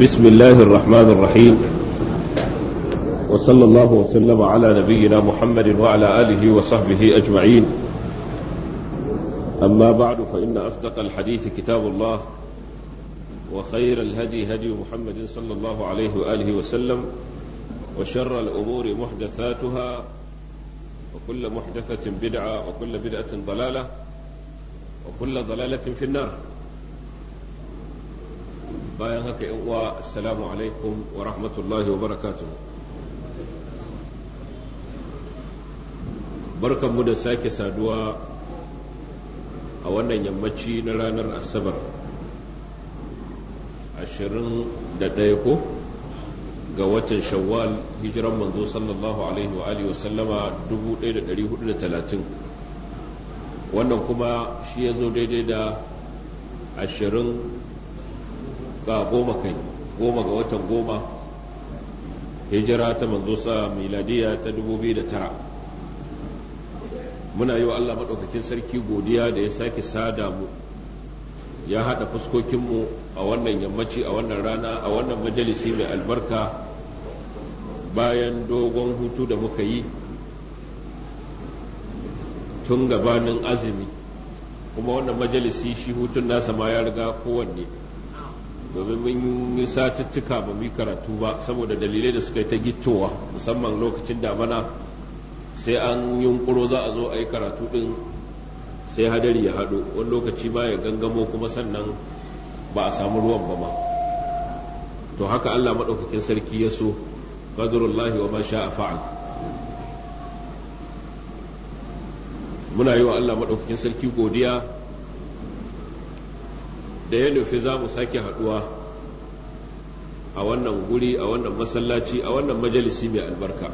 بسم الله الرحمن الرحيم وصلى الله وسلم على نبينا محمد وعلى اله وصحبه اجمعين اما بعد فان اصدق الحديث كتاب الله وخير الهدي هدي محمد صلى الله عليه واله وسلم وشر الامور محدثاتها وكل محدثه بدعه وكل بدعه ضلاله وكل ضلاله في النار bayan haka yan uwa assalamu alaikum wa rahmatullahi wa barakatuh barkanmu da sake saduwa a wannan yammaci na ranar asabar 21 ko ga watan shawwal hijiran manzo sallallahu alaihi wa alihi wasallama 1430 wannan kuma shi ya zo daidai da ashirin ga goma kai goma ga watan goma hijira ta manzo sa miladiya ta 2009 muna yi wa Allah maɗaukakin sarki godiya da ya sake sada mu ya haɗa fuskokinmu a wannan yammaci a wannan rana a wannan majalisi mai albarka bayan dogon hutu da muka yi tun gabanin azumi kuma wannan majalisi shi hutun nasa ma ya riga kowanne domin mun yi satuttuka ba mu yi karatu ba saboda dalilai da suka yi ta gittowa musamman lokacin da damana sai an yunkuro za a zo a yi karatu din sai hadari ya haɗu wani lokaci ba ya gangamo kuma sannan ba a samu ruwan ba ma to haka allah maɗaukakin sarki ya so qadrullahi wa ma a fa'al muna yi wa allah maɗaukakin sarki godiya da ya nufi za mu sake haɗuwa a wannan guri a wannan masallaci a wannan majalisi mai albarka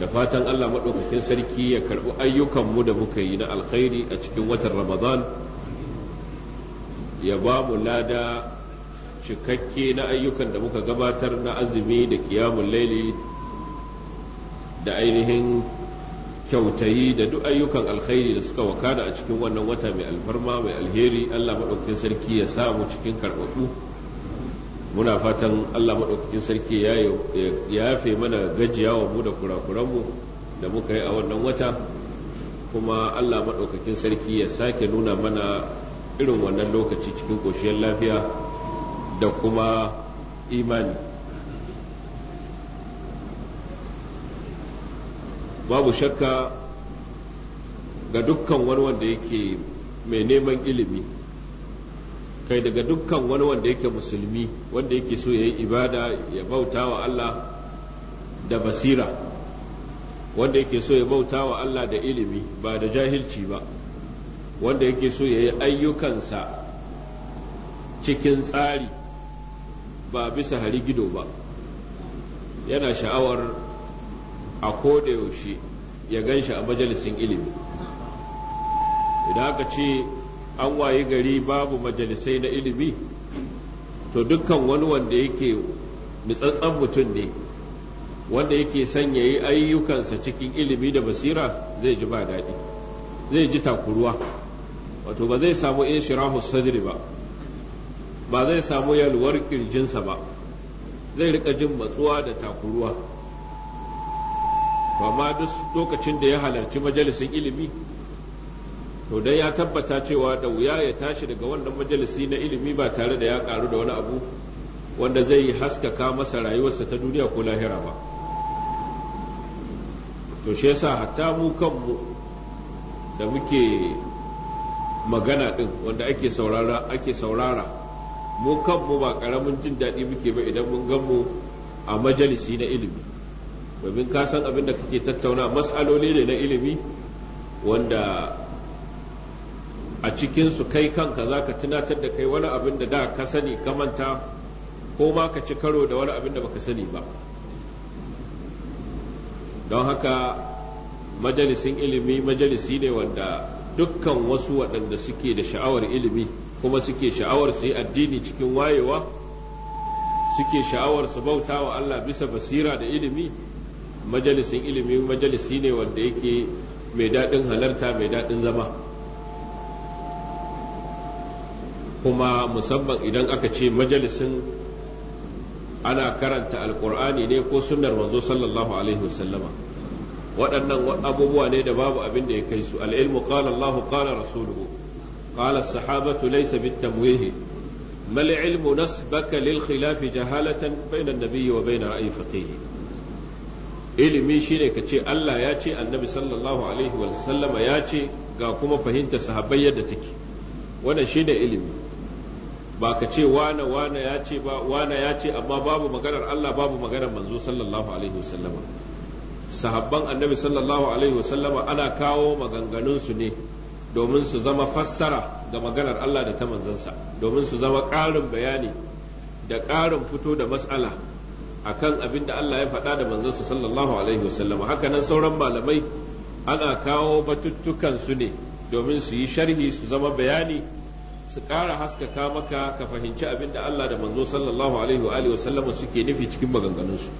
da fatan Allah maɗaukakin sarki ya karɓi ayyukanmu da muka yi na alkhairi a cikin watan ramadan ya ba mu lada cikakke na ayyukan da muka gabatar na azumi da kiyamun laili da ainihin kyautayi da duk ayyukan alkhairi da suka wakana a cikin wannan wata mai alfarma mai alheri Allah maɗaukakin sarki ya samu cikin karɓaɓu muna fatan Allah maɗaukakin sarki ya yafe mana gajiyawa mu da kurakuranmu da muka yi a wannan wata kuma Allah maɗaukakin sarki ya sake nuna mana irin wannan lokaci cikin koshiyar lafiya da kuma imani babu shakka ga dukkan wani wanda yake mai neman ilimi kai daga dukkan wani wanda yake musulmi wanda yake so ya yi ibada ya bauta wa Allah da basira wanda yake so ya bauta wa Allah da ilimi ba da jahilci ba wanda yake so ya yi ayyukansa cikin tsari ba bisa harigido ba yana sha'awar a koda yaushe ya gan shi a majalisin ilimi idan aka ce an wayi gari babu majalisai na ilimi to dukkan wani wanda yake nutsatsen mutum ne wanda yake sanya ya yi ayyukansa cikin ilimi da basira zai ji ba daɗi zai ji takuruwa wato ba zai samu in shirahu sadri ba ba zai samu yalwar kirjinsa ba zai rika jin matsuwa da takuruwa amma duk lokacin da ya halarci majalisin ilimi to dai ya tabbata cewa da wuya ya tashi daga wannan majalisi na ilimi ba tare da ya karu da wani abu wanda zai haskaka masa rayuwarsa ta duniya ko lahira ba to shi yasa hatta mu kanmu da muke magana din wanda ake saurara ake saurara mu kanmu ba karamin jin daɗi muke ba idan mun gan mu a majalisi na ilimi domin ka san abin da kake tattauna matsaloli ne na ilimi wanda a cikinsu kai kanka za ka tunatar da kai wani abin da da ka sani ka manta ko ma ka ci karo da wani abin da baka sani ba don haka majalisin ilimi majalisi ne wanda dukkan wasu waɗanda suke da sha'awar ilimi kuma suke sha'awar su yi addini cikin wayewa suke sha'awar su bauta wa Allah bisa basira da ilimi majalisin ilimi majalisi ne wanda yake mai daɗin halarta mai daɗin zama kuma musamman idan aka ce majalisin ana karanta alkur'ani ne ko sunnar manzo sallallahu alaihi wasallama waɗannan abubuwa ne da babu abin da ya kai su al'ilmu qala Allah qala rasuluhu qala sahabatu laysa bitamwihi mal ilmu nasbaka lil khilafi jahalatan bayna an-nabiyyi wa bayna ra'yi faqihi ilimi shine ka ce Allah ya ce annabi sallallahu alaihi wa sallama ya ce ga kuma fahimta sahabbai yadda take wannan shine ilimi ba ka ce wane wane ya ce ba wane ya ce amma babu maganar Allah babu maganar manzo sallallahu alaihi wa sallama sahabban annabi sallallahu alaihi wa sallama ana kawo maganganun su ne domin su zama fassara ga maganar Allah da ta manzansa domin su zama ƙarin bayani da ƙarin fito da matsala. akan abin da Allah ya faɗa da manzansa sallallahu alaihi wasallam hakanan sauran malamai ana kawo batuttukan su ne domin su yi sharhi su zama bayani su ƙara haskaka maka ka fahimci abin da Allah da manzo sallallahu alaihi wasallam suke nufi cikin maganganunsu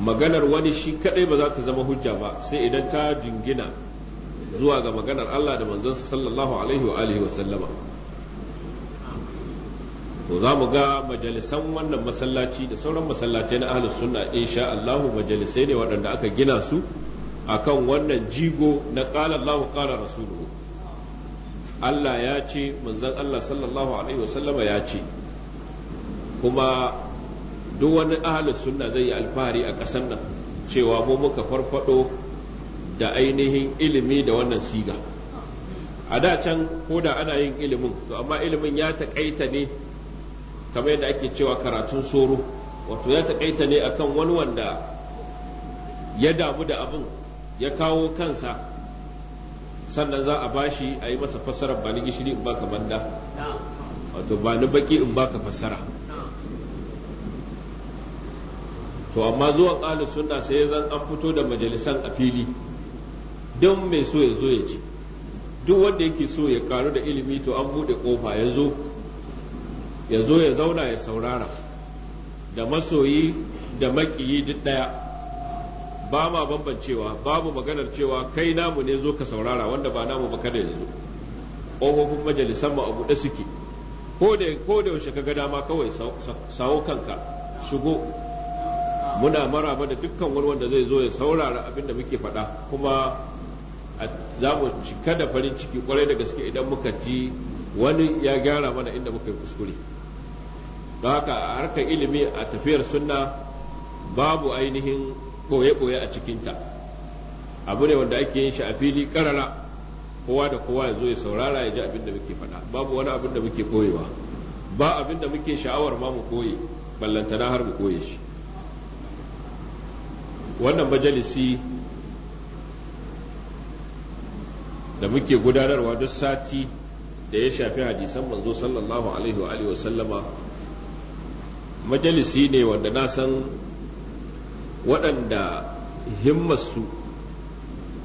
maganar wani shi kadai ba za ta zama hujja ba sai idan ta jingina zuwa ga maganar Allah da manzansa sallallahu alaihi wa to za mu ga majalisan wannan masallaci da sauran masallacai na ahlus sunna insha Allah majalisai ne waɗanda aka gina su akan wannan jigo na qala Allahu qala rasuluhu Allah ya ce manzon Allah sallallahu alaihi wasallama ya ce kuma duk wani ahlus sunna zai yi alfahari a ƙasar nan cewa mu muka farfado da ainihin ilimi da wannan siga a da can ko da ana yin ilimin to amma ilimin ya taƙaita ne kamar yadda ake cewa karatun soro wato ya taƙaita ne akan wani wanda ya damu da abin ya kawo kansa sannan za a bashi a yi masa fassara ba ni gishiri in baka banda wato ba ni baki in baka fassara to amma zuwan ƙalin sunna sai zan an fito da majalisan a fili don mai so ya zo ya ci duk wanda yake so ya karu da ilimi to an buɗe kofa ya zo ya zo ya zauna ya saurara da masoyi da makiyi duk ɗaya ba ma bambancewa babu maganar cewa kai namu ne zo ka saurara wanda ba namu ba kada ya zo ƙofofin majalisan mu a buɗe suke ko da ko da yaushe dama kawai sawo kanka shigo muna maraba da dukkan wani wanda zai zo ya saurara abin da muke faɗa kuma za mu cika da farin ciki kwarai da gaske idan muka ji wani ya gyara mana inda muka yi kuskure don haka a harkar ilimi a tafiyar sunna babu ainihin ɓoye-ɓoye a cikinta abu ne wanda ake yin shi a fili karara kowa da kowa ya zo ya saurara ya ji abin da muke faɗa babu wani abin da muke koyewa ba abin da muke sha'awar ma mu koye ballantana har mu koye shi wannan majalisi da muke gudanarwa duk sati da ya shafi hadisan manzo sallallahu alaihi wa alihi wa sallama majalisi ne wanda na san waɗanda himmarsu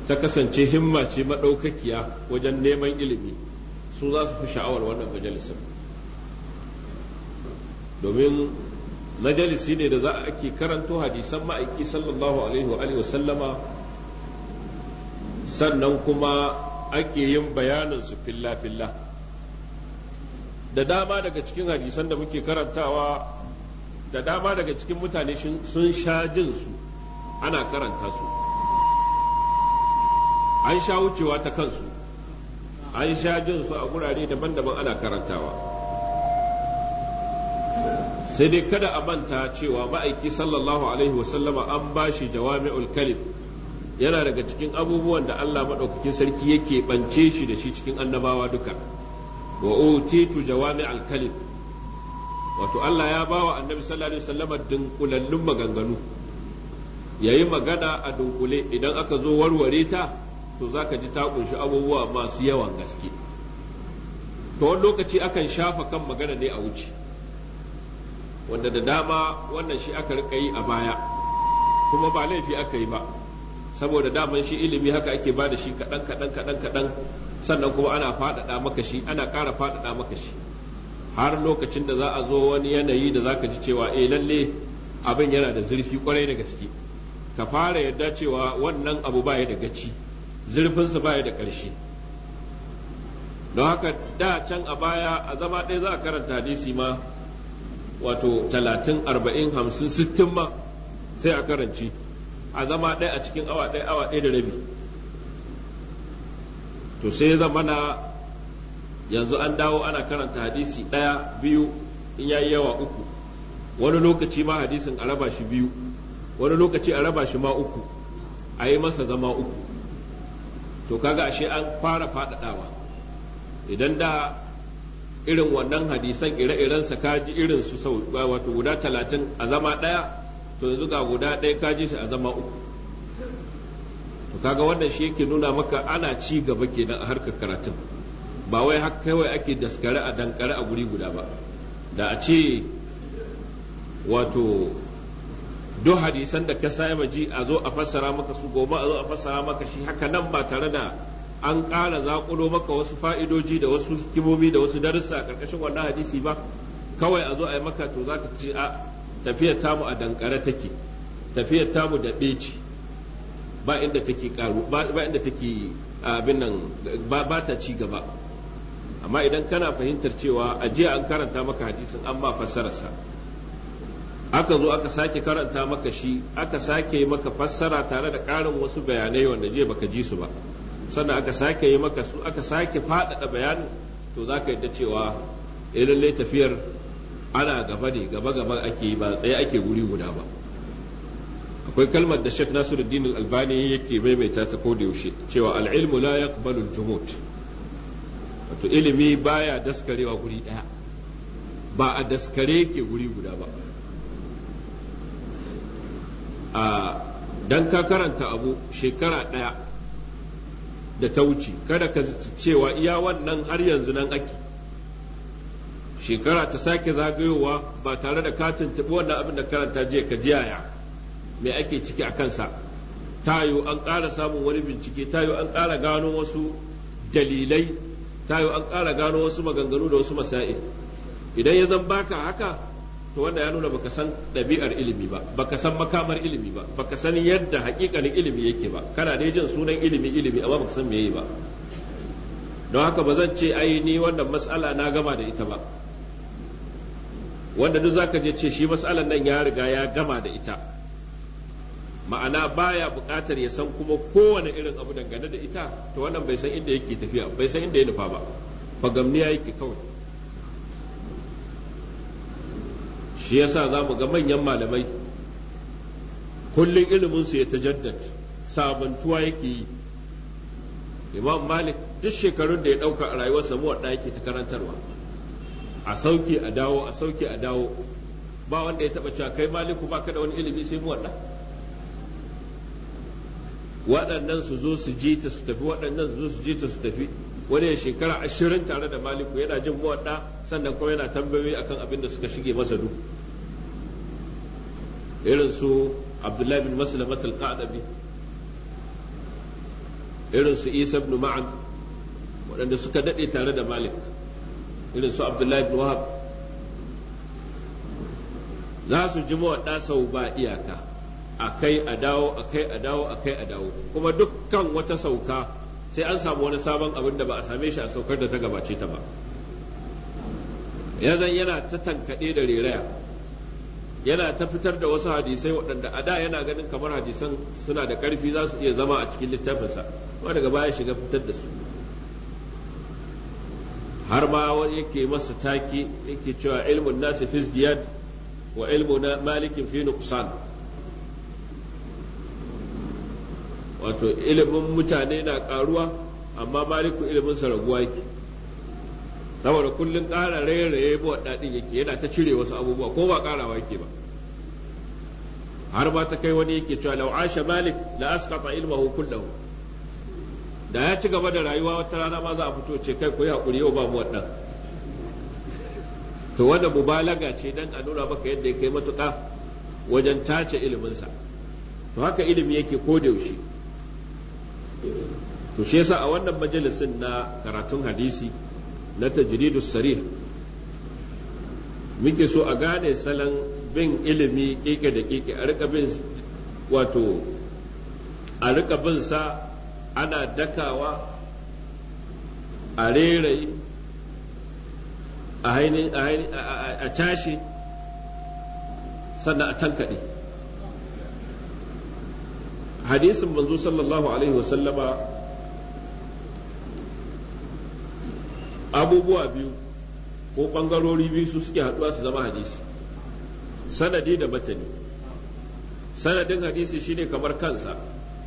ta kasance himma ce maɗaukakiya wajen neman ilimi su za su fi sha'awar wannan majalisar domin majalisi ne da za a ake karanto hadisan ma'aiki sallallahu alaihi wa sallama sannan kuma ake yin bayanin su filla-filla da dama daga cikin hadisan da muke karantawa da dama daga cikin mutane sun sha jin su ana karanta su an sha wucewa ta kansu an sha jin su a gurare daban-daban ana karantawa sai dai kada a manta cewa ma'aiki sallallahu alaihi wasallama an ba shi jawami'ul kalim yana daga cikin abubuwan da Allah maɗaukakin sarki yake ɓance shi da shi cikin annabawa duka wa utitu jawami'ul wato Allah ya ba wa annabi sallallahu alaihi wasallama dunkulallun maganganu yayi magana a dunkule idan aka zo warware ta to zaka ji ta kunshi abubuwa masu yawan gaske to wani lokaci akan shafa kan magana ne a wuce wanda da dama wannan shi aka rika yi a baya kuma ba laifi aka yi ba saboda daman shi ilimi haka ake ba da shi kadan kaɗan kaɗan kaɗan sannan kuma ana faɗaɗa maka shi ana ƙara faɗaɗa maka shi har lokacin da za a zo wani yanayi da za ka ji cewa eh lalle abin yana da zurfi kwarai da gaske ka fara yadda cewa wannan abu baya da gaci zurfinsa baya da ƙarshe don haka da can a baya a zama ɗaya za a karanta hadisi ma wato talatin arba'in hamsin sittin ma sai a karanci a zama ɗaya a cikin awa ɗaya awa ɗaya da rabi to sai ya zama na yanzu an dawo ana karanta hadisi ɗaya biyu in yayi yawa uku wani lokaci ma hadisin a raba shi biyu wani lokaci a raba shi ma uku a yi masa zama uku to kaga ashe an fara faɗaɗawa idan da irin wannan hadisan ire-iren sa kaji irin su sau wato guda talatin a zama ɗaya to yanzu ga guda ɗaya kaji shi a zama uku to kaga wannan shi yake nuna maka ana ci gaba kenan a harkar karatun ba wai haka kawai ake daskare a dankare a guri guda ba da a ce wato duk hadisan da ka saba ji a zo a fassara maka su gobe a zo a fassara maka shi haka nan ba tare da an ƙara zaƙulo maka wasu fa'idoji da wasu hikimomi da wasu darussa a ƙarƙashin wannan hadisi ba kawai a zo a yi maka to za ka ce a tafiyar tamu a dankare take tafiyar tamu da ce ba inda take ƙaru ba inda take abin nan ba ta ci gaba amma idan kana fahimtar cewa a jiya an karanta maka hadisin ba fassararsa aka zo aka sake karanta maka shi aka sake maka fassara tare da ƙarin wasu bayanai wanda jiya baka ji su ba sannan aka sake yi maka su aka sake faɗaɗa bayanin to za ka yadda cewa idan eh, lallai tafiyar ana gaba ne gaba gaba ake yi ba tsaye ake wuri guda ba akwai kalmar da Sheikh Nasiruddin Albani yake maimaita ta da yaushe cewa al'ilmu ilmu la yaqbalu al wato ilimi baya daskarewa guri ɗaya ba a daskare ke guri guda ba a dan ka karanta abu shekara ɗaya da ta wuce kada ka cewa iya wannan har yanzu nan ake shekara ta sake zagayowa ba tare da katin tabi wannan abin da karanta jiya ka jiyaya mai ake ciki a kansa tayo an ƙara samun wani bincike tayo an ƙara gano wasu dalilai tayo an ƙara gano wasu maganganu da wasu masail idan ya zan baka haka to wanda ya nuna baka san ɗabi'ar ilimi ba baka san makamar ilimi ba baka san yadda hakikanin ilimi yake ba kana dai jin sunan ilimi ilimi amma baka san meye ba don haka ba zan ce ai ni wannan mas'ala na gama da ita ba wanda duk zaka je ce shi mas'alan nan ya riga ya gama da ita ma'ana baya buƙatar ya san kuma kowane irin abu dangane da ita to wannan bai san inda yake tafiya bai san inda ya nufa ba fagamniya yake kawai shi yasa za mu ga manyan malamai kullum iliminsu ya tajaddad sabantuwa yake yi imam malik duk shekarun da ya ɗauka a rayuwarsa mu wadda yake ta karantarwa a sauke a dawo a sauke a dawo ba wanda ya taɓa cewa kai maliku ba ka da wani ilimi sai mu wadda waɗannan su zo su ji ta su tafi waɗannan su zo su ji ta su tafi wani ya shekara ashirin tare da maliku yana jin mawaɗa sannan kuma yana tambayoyi akan abin da suka shige masa duk irin su abdullahi bin maslamat al-qadabi irin su isa ibn ma'an waɗanda suka daɗe tare da malik irin su abdullahi bin wahab za su ji mawaɗa sau ba iyaka a kai a dawo a kai a dawo a kai a dawo kuma dukkan wata sauka sai an samu wani sabon abin da ba a same shi a saukar da ta gabace ta ba yanzan yana ta tankaɗe da reraya yana ta fitar da wasu hadisai waɗanda a da yana ganin kamar hadisan suna da ƙarfi za su iya zama a cikin littafinsa kuma daga baya shiga fitar da su har ma yake masa taki yake cewa ilmun nasi fi wa ilmu malikin fi nuqsan wato ilimin mutane na karuwa amma maliku ilimin sa raguwa yake saboda kullun kara rairaye ba daɗin yake yana ta cire wasu abubuwa ko ba ƙarawa yake ba har ba ta kai wani yake cewa law asha malik la asqata ilmahu kullahu da ya ci gaba da rayuwa wata rana ma za a fito ce kai ku yi hakuri yau ba mu wannan to wanda mubalaga ce dan a nuna maka yadda ya kai matuka wajen tace iliminsa to haka ilimi yake ko da yaushe to shi yasa a wannan majalisin na karatun hadisi na tajridus sarih muke so a gane salon bin ilimi keke da keke a rika bin wato a rika bin sa ana dakawa a rerayi a tashi sannan a tankaɗe hadisin manzo sallallahu alaihi sallama abubuwa biyu ko ɓangarori biyu su suke haɗuwa su zama hadisi sanadi da matani sanadin hadisi shine kamar kansa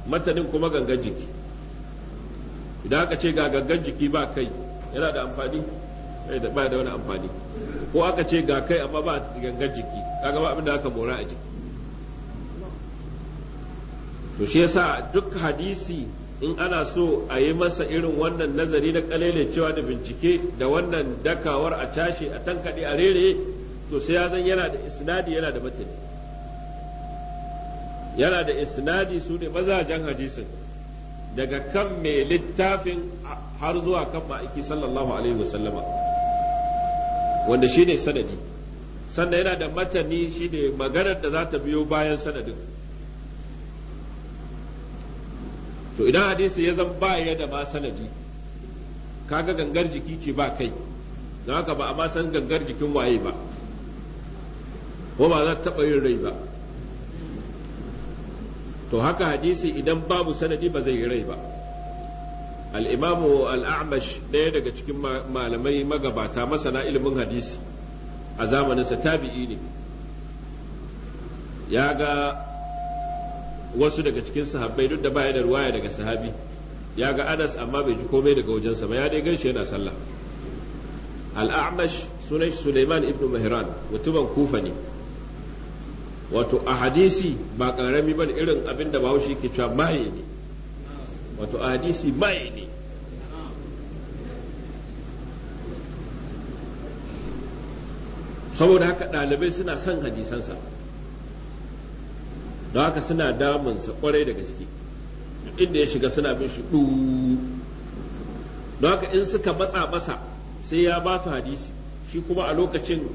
matanin kuma gangan jiki idan aka ce ga gangan jiki ba kai yana da amfani eh, ba da wani amfani ko aka ce ga kai amma ba gangan jiki kaga ba abin da aka mora a jiki to shi yasa duk hadisi in ana so a yi masa irin wannan nazari na kalele cewa da bincike da wannan dakawar a tashi a tankaɗe a rere to sai ya zan yana da isnadi yana da matani yana da isnadi su ne mazajen hadisin daga kan mai littafin har zuwa kan ma'aiki sallallahu alaihi wasallama wanda shi ne sanadi sannan yana da matani shi ne maganar da za ta biyo bayan sanadin to idan hadisi ya zan ba ya da ma sanadi kaga gangar jiki ce ba kai don haka ba a ma san gangar jikin waye ba ko ba za ta taɓa yin rai ba to haka hadisi idan babu sanadi ba zai yi rai ba al-imamu al'imamu al'amash ɗaya daga cikin malamai magabata masana ilimin hadisi a zamaninsa tabi'i ne ya ga wasu daga cikin sahabbai duk da baya da ruwaya daga sahabi ya ga anas amma bai ji komai daga wajensa ba ya dai ganshi yana sallah al'amash sunan shi suleiman ibn mahran mutumin kufa ne wato a hadisi ba karami ba irin abin da bahaushe ke cewa maye ne wato a hadisi maye ne saboda haka ɗalibai suna son hadisansa don haka suna damunsa kwarai da gaske inda ya shiga suna bin shi don haka in suka matsa masa sai ya ba su hadisi shi kuma a lokacin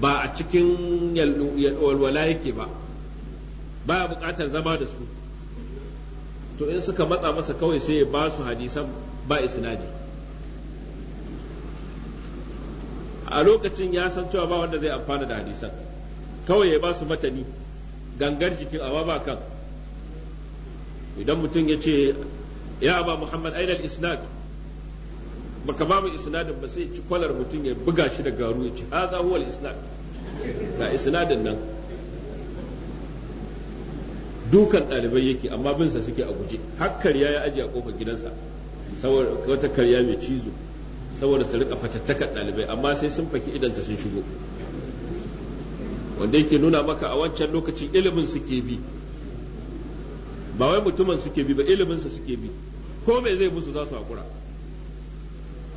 ba a cikin walwala yake ba ba ya bukatar zama da su to in suka matsa masa kawai sai ya ba su hadisan ba isnadi a lokacin ya san cewa ba wanda zai amfana da hadisan kawai ya ba su matani gangar jikin awa ba kan idan mutum ya ce ya ba muhammad ainihin isnad baka ba mu isnadin ba sai ci kwalar mutum ya buga shi da garu ya ha za huwa isnad ga isnadin nan dukan ɗalibai yake amma binsa suke a guje har ya ajiye a kofar gidansa saboda wata karya mai cizo saboda su rika fatattakar ɗalibai amma sai sun faki idansa sun shigo wanda yake nuna maka a wancan lokacin ilimin suke bi ba wai mutumin suke bi ba iliminsa suke bi ko me zai musu za su haƙura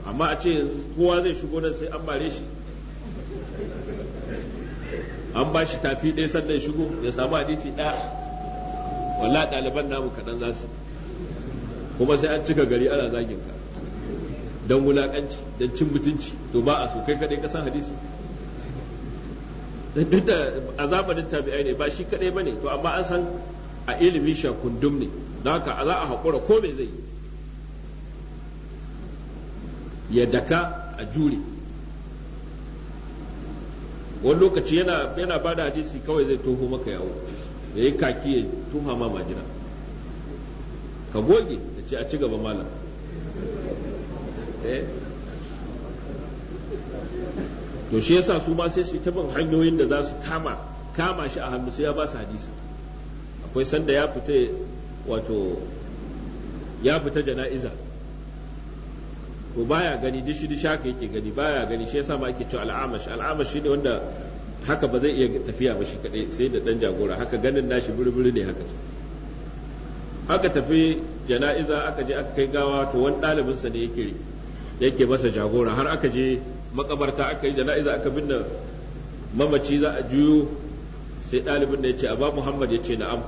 amma a ce kowa zai shigo nan sai an bare shi an ba shi tafi ɗaya sannan shigo ya samu hadisi ɗaya walla ɗaliban namu kaɗan za su kuma sai an cika gari ana zagin ka don wulaƙanci don cin mutunci to ba a so kai kaɗai ka hadisi duk da tabi'ai ne ba shi kadai bane to amma an san a ilimi kundum ne don haka za a haƙura ko me zai ya daka a jure wani lokaci yana yana ba da hadisi kawai zai toho maka yawo ya kaki ya tuha ma majina ka goge da ce a ci gaba malam eh? to shi yasa su ma sai su ta bin hanyoyin da za su kama kama shi a hannu sai ya ba su hadisi akwai sanda ya fita wato ya fita jana'iza to baya gani dishi dishi haka yake gani baya gani shi yasa ma ake cewa al'amash al'amash shine wanda haka ba zai iya tafiya ba shi kadai sai da dan jagora haka ganin nashi buri-buri ne haka aka tafi jana'iza aka je aka kai gawa to wani ɗalibinsa ne yake yake masa jagora har aka je makabarta aka yi jana'iza aka binne mamaci za a juyo sai ɗalibin da ya ce ba muhammad ya ce na'am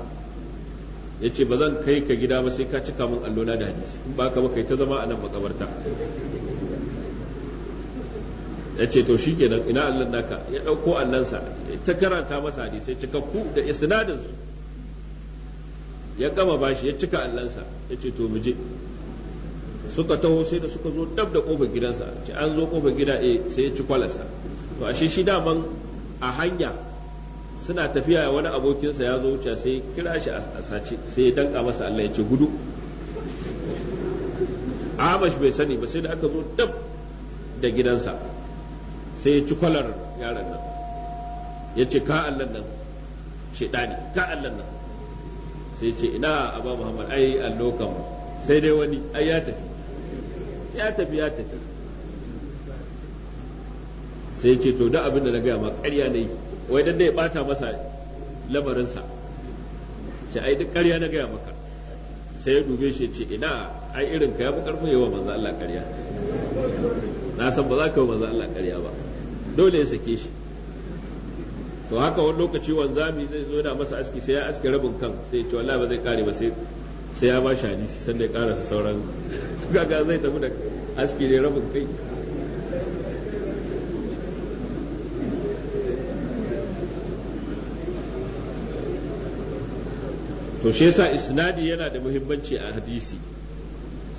ya ce ba zan kai ka gida ba sai ka cika min allona da hadisi in ba ka ba kai ta zama a nan makabarta ya ce to shi kenan ina allon naka ya ɗauko allonsa ta karanta masa cika cikakku da isnadinsu ya gama bashi ya cika allonsa ya ce to mu je suka taho sai da suka zo dab da kofar gidansa ci an zo kofar gida eh sai ya ci kwalarsa to ashe shi daman a hanya suna tafiya wani abokinsa ya zo wuce sai kira shi a sace sai ya danka masa Allah ya ce gudu Amash bai sani ba sai da aka zo dab da gidansa sai ya ci kwalar yaron nan ya ce ka Allah nan shaidani ka Allah nan sai ce ina abba Muhammad ai allokan sai dai wani ai ya tafi ya tafi ya tafi sai ce to da abin da na gaya ma ƙarya na yi wai dan da ya bata masa lamarinsa ce ai duk ƙarya na gaya maka sai ya dube shi ce ina ai irin ka ya fi karfin yawa manzo Allah ƙarya na san ba za ka yi manzo Allah ƙarya ba dole ya sake shi to haka wani lokaci wanzami zai zo da masa aski sai ya aske rabin kan sai ce wallahi ba zai kare ba sai sai ya ba shi hadisi sai ya karasa sauran gaga zai tafi da aski ne rabin kai to shi yasa isnadi yana da muhimmanci a hadisi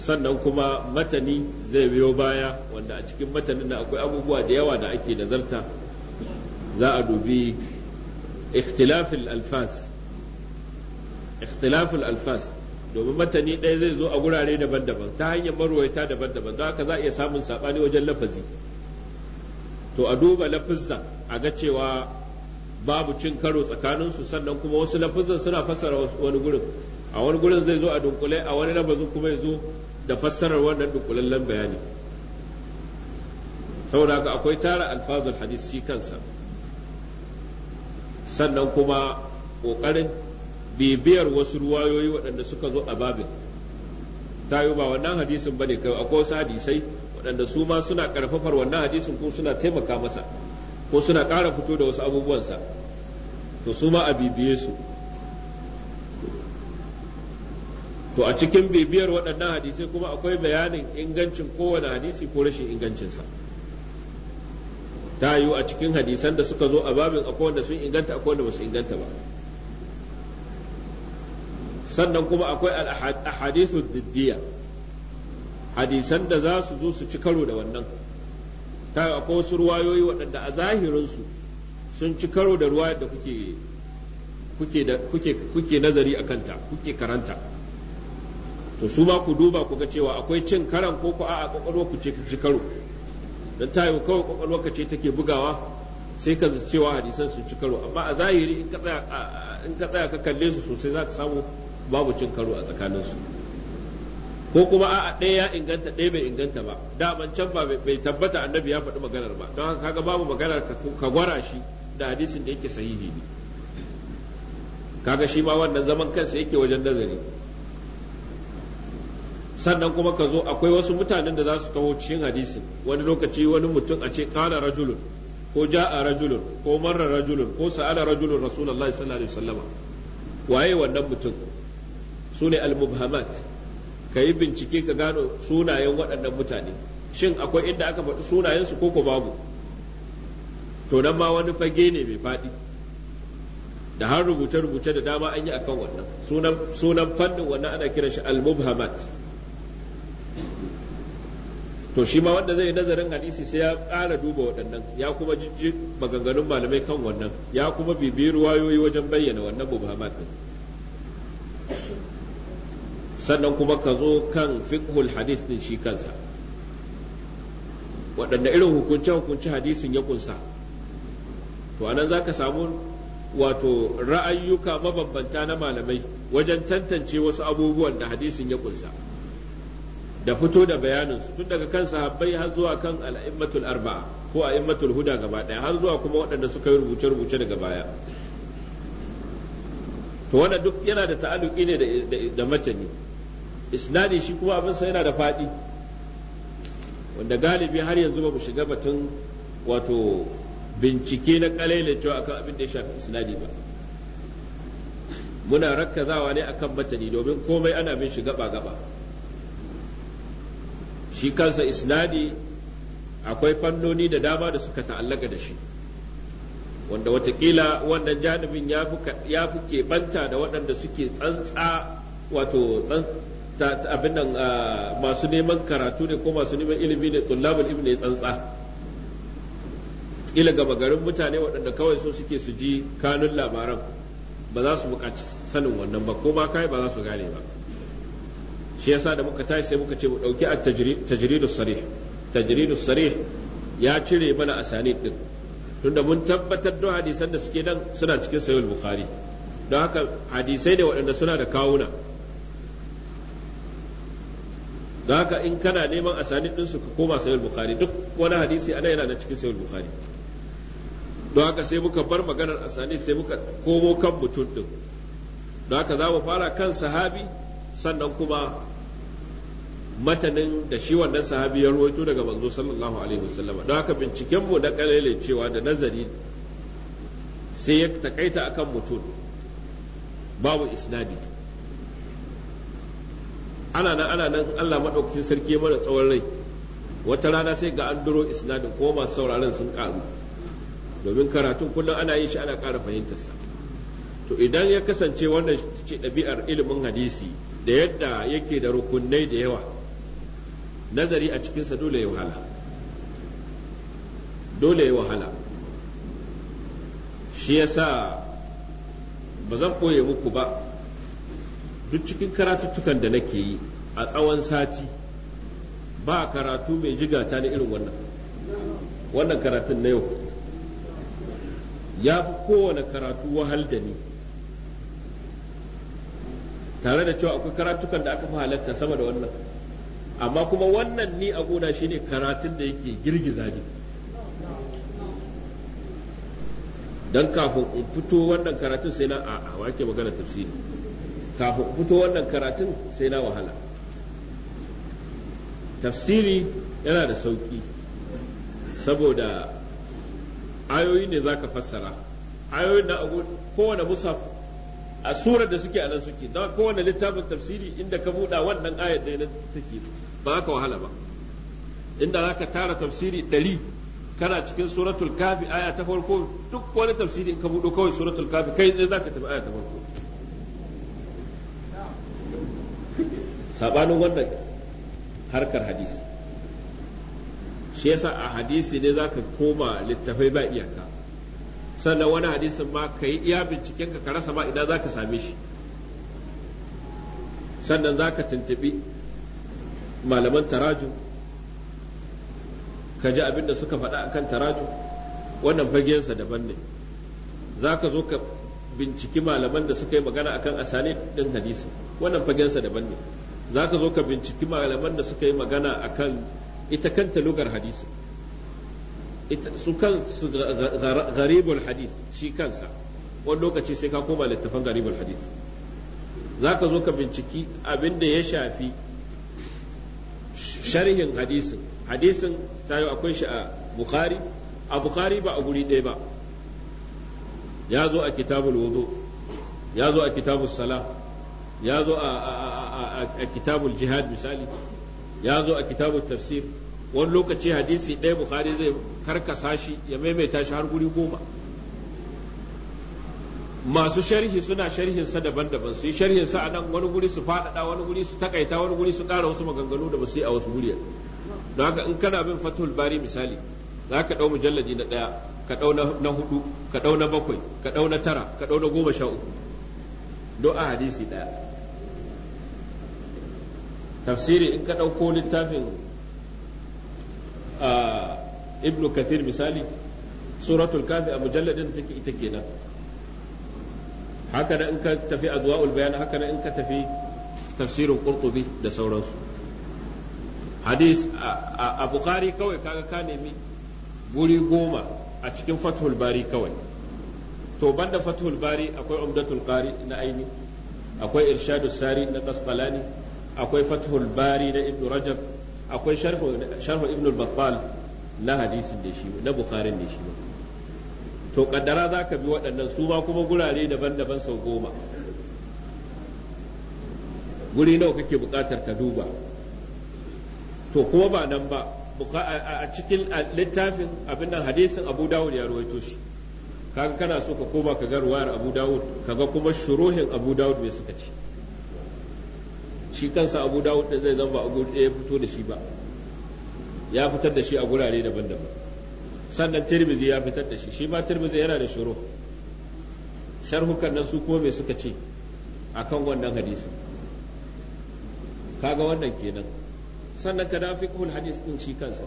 sannan kuma matani zai biyo baya wanda a cikin matanin da akwai abubuwa da yawa da ake nazarta za a dubi ikhtilafil alfas ikhtilafil alfas domin matani ɗaya zai zo a gurare daban-daban ta hanyar marwaita daban-daban don haka za a iya samun saɓani wajen lafazi to a duba lafizza a ga cewa babu cin karo tsakaninsu sannan kuma wasu lafizzan suna fassara wani gurin a wani gurin zai zo a dunkule a wani lafazin kuma ya zo da fassarar wannan dunkulallen bayani saboda haka akwai tara alfazul hadis shi kansa sannan kuma ƙoƙarin bibiyar wasu ruwayoyi waɗanda suka zo a babin ta yi ba wannan hadisin ba ne kai akwai wasu hadisai waɗanda su ma suna ƙarfafar wannan hadisin ko suna taimaka masa ko suna ƙara fito da wasu abubuwansa to su ma a bibiye su to a cikin bibiyar waɗannan hadisai kuma akwai bayanin ingancin kowane hadisi ko rashin ingancinsa ta yiwu a cikin hadisan da suka zo a babin akwai wanda sun inganta akwai wanda ba su inganta ba sannan kuma akwai al-ahadithu diddiya hadisan da za su zo su ci karo da wannan ta akwai wasu ruwayoyi waɗanda a zahirinsu sun ci karo da ruwa da kuke kuke nazari a kanta kuke karanta to su ma ku duba ku ga cewa akwai cin karan ko ku a'a kwakwalwa ku ce ci karo dan yi kawai ƙwaƙwalwa ka ce take bugawa sai ka zace cewa hadisan sun ci karo amma a zahiri in ka tsaya ka kalle su sosai za ka samu babu cin karo a tsakaninsu ko kuma a'a ɗaya ya inganta ɗaya bai inganta ba daman can ba bai tabbata annabi ya faɗi maganar ba don haka kaga babu maganar ka gwara shi da hadisin da yake sahihi ne kaga shi ma wannan zaman kansa yake wajen nazari sannan kuma ka zo akwai wasu mutanen da za su taho cikin hadisin wani lokaci wani mutum a ce kala rajulun ko ja'a rajulun ko marra rajulun ko sa'ala rajulun rasulullahi sallallahu alaihi wasallama waye wannan mutum su ne al-mubhamat ka yi bincike ka gano sunayen waɗannan mutane shin akwai inda aka faɗi sunayensu ko ko babu to nan ma wani fage ne mai faɗi da har rubuce-rubuce da dama an yi a kan wannan sunan fannin wannan ana kiran shi al-mubhamat to shi ma wanda zai nazarin hadisi sai ya ƙara duba waɗannan ya kuma jijji maganganun malamai kan wannan ya kuma bibiyar wayoyi wajen bayyana wannan mubhamat sannan kuma ka zo kan fiqhul hadis din shi kansa waɗanda irin hukunce hukunce hadisin ya kunsa to anan za ka samu wato ra'ayyuka mabambanta na malamai wajen tantance wasu abubuwan da hadisin ya kunsa da fito da bayanin tun daga kan sahabbai har zuwa kan al'immatul arba'a ko a'immatul huda gaba daya har zuwa kuma waɗanda suka yi rubuce-rubuce daga baya to wannan duk yana da ta'alluki ne da matani isnadi shi kuma abin sa yana da faɗi wanda galibi har yanzu ba mu shiga batun wato bincike na kalaila cewa akan abin da ya shafi isnadi ba muna rakkazawa ne akan matani domin komai ana bin shi gaba gaba shi kansa isnadi akwai fannoni da dama da suka ta'allaka da shi wanda watakila wannan janibin ya fi banta da waɗanda suke tsantsa wato Ta abin nan ah, masu neman karatu ne ko masu neman ilimi ne tullabul ibn tsantsa ila gaba garin mutane waɗanda kawai so suke su ji kanun labaran ba za su buƙaci sanin wannan ba ko ma kai ba za su gane ba shi yasa da muka tashi sai muka ce mu ɗauki a tajridus sarih tajridus sarih ya cire mana asani din tunda mun tabbatar da hadisan da suke nan suna cikin sahih bukhari don haka hadisai ne waɗanda suna da kawuna don haka in kana neman asanid din su ka koma sayar bukhari duk wani hadisi ana yana na cikin sayar bukhari don haka sai muka bar maganar Sani sai muka komo kan mutum ɗin don haka za mu fara kan sahabi sannan kuma matanin da shi wannan sahabi ya ruwaito daga manzo sallallahu alaihi wasallama don haka binciken mu na kalele cewa da nazari sai ya takaita akan mutum babu isnadi ana nan ana nan Allah madaukakin sarki ya mana tsawon rai wata rana sai ga an duro isnadin ko masu sauraron sun karu domin karatun kullum ana yin shi ana ƙara fahimtarsa to idan ya kasance wannan ce dabi'ar ilimin hadisi da yadda yake da rukunai da yawa nazari a cikinsa dole ya wahala dole ya wahala shi yasa ba zan koye muku ba duk cikin karatuttukan da nake yi a tsawon sati ba karatu mai jigata na irin wannan wannan karatun na yau ya fi kowane karatu wahal da ni tare da cewa akwai karatukan da aka fi halatta sama da wannan amma kuma wannan ni a gona ne karatun da yake girgiza ni don kafin in fito wannan karatun sai na a wake magana tafsiri kafin fito wannan karatun sai na wahala tafsiri yana da sauki saboda ayoyi ne za ka fassara ayoyin na kowane musaf a surar da suke a nan suke don kowane littafin tafsiri inda ka buɗa wannan ayar ɗaya na take ba za ka wahala ba inda za ka tara tafsiri ɗari kana cikin suratul kafi aya ta farko duk wani tafsiri in ka buɗo kawai suratul kafi kai ne za ka tafi aya ta farko sabanin wannan harkar hadisi shi yasa a hadisi ne zaka koma littafai ba iyaka sannan wani hadisin ma ka yi iya binciken ka rasa ma idan zaka same shi sannan zaka tuntubi malaman taraju ka ji abin da suka faɗa akan taraju wannan fagensa daban ne zaka zo ka binciki malaman da suka yi magana akan asali din hadisi wannan fagensa daban ne za ka zo ka binciki malaman da suka yi magana a kan ita kanta lugar hadisi su kan garibul hadith shi kansa wani lokaci sai ka koma littafan garibul hadith za ka zo ka binciki abin da ya shafi sharhin hadisin hadisin tayo akwai shi a bukari a bukari ba a guri ɗaya ba ya zo a kitabul wudu ya zo a kitabul salah ya zo a kitabul jihad misali ya zo a kitabul tafsir wani lokaci hadisi ɗaya bukari zai karkasa shi ya maimaita shi har guri goma masu sharhi suna sharhin sa daban-daban su yi sharhin sa a nan wani guri su faɗaɗa wani guri su takaita wani guri su ƙara wasu maganganu da ba su yi a wasu guri don haka in kana bin fatul bari misali za ka ɗau mujallaji na ɗaya ka ɗau na hudu ka ɗau na bakwai ka ɗau na tara ka ɗau na goma sha uku do a hadisi ɗaya tafsiri in ka ɗauko littafin a ibn kathir misali suratul kafi a mujalladin take ita kenan haka da in ka tafi adwa'ul bayan haka da in ka tafi tafsirin qurtubi da sauransu hadis a bukhari kawai kaga ka nemi guri goma a cikin fathul bari kawai to banda fathul bari akwai umdatul qari na aini akwai irshadus sari na qasqalani akwai fathul bari na ibn rajab akwai sharhu ibn al-battal na hadisin da shi na bukharin da shi to kaddara za ka bi waɗannan su ma kuma gurare daban-daban sau goma guri nawa kake buƙatar ka duba to kuma ba nan ba a cikin littafin abin nan hadisin abu dawud ya ruwaito shi kaga kana so ka koma ka ga ruwayar abu dawud kaga kuma shuruhin abu dawud me suka ci. shi kansa abu dawud da zai zan ba ya fito da shi ba ya fitar da shi a gurare daban-daban sannan tirmizi ya fitar da shi shi ma tirmizi yana da shuru sharhukan nan su kome suka ce akan wannan hadisi kaga wannan kenan sannan ka da fiqhul hadis din shi kansa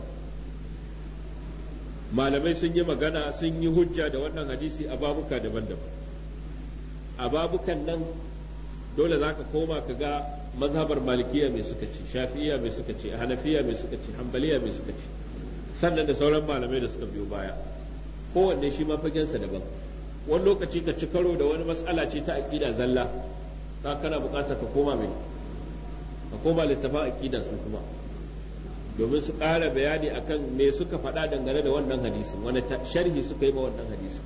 malamai sun yi magana sun yi hujja da wannan hadisi a babuka daban-daban a babukan nan dole za ka koma ka ga mazhabar malikiya mai suka ce shafiya mai suka ce hanafiya mai suka ce hanbaliya mai suka ce sannan da sauran malamai da suka biyo baya kowanne shi ma fagensa daban wani lokaci ka ci karo da wani matsala ce ta aƙida zalla ka kana buƙatar ka koma mai ka koma littafin aƙida su kuma domin su ƙara bayani akan me suka faɗa dangane da wannan hadisin wani sharhi suka yi ma wannan hadisin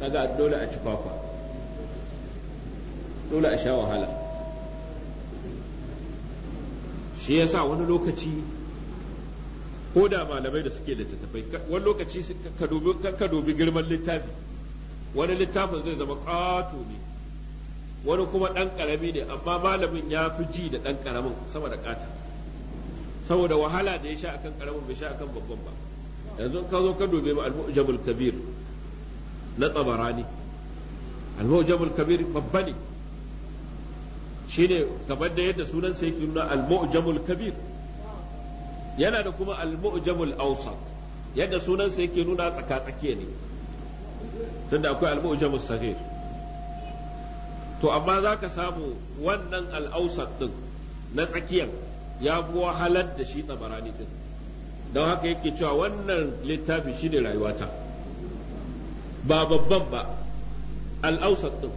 kaga dole a ci kwakwa dole a sha wahala shi sa wani lokaci ko da malamai da suke littattafai wani lokaci ka dubi girman littafi wani littafin zai zama ƙato ne wani kuma ɗan ƙarami ne amma malamin ya fi ji da ɗan ƙaramin sama da ƙata saboda wahala da ya sha akan ƙaramin bai sha akan babban ba yanzu ka zo ka dubi al-mu'jamul kabir na tsabarani al-mu'jamul kabir babba ne shine kamar da yadda sunan sai yake nuna al-mu'jamul kabir yana da kuma al-mu'jamul awsat yadda sunan sai yake nuna tsakatsakiya ne tunda akwai al-mu'jamul saghir to amma zaka samu wannan al-awsat din na tsakiyan ya buwa halar da shi tabarani din don haka yake cewa wannan littafi shine rayuwata ba babban ba al-awsat din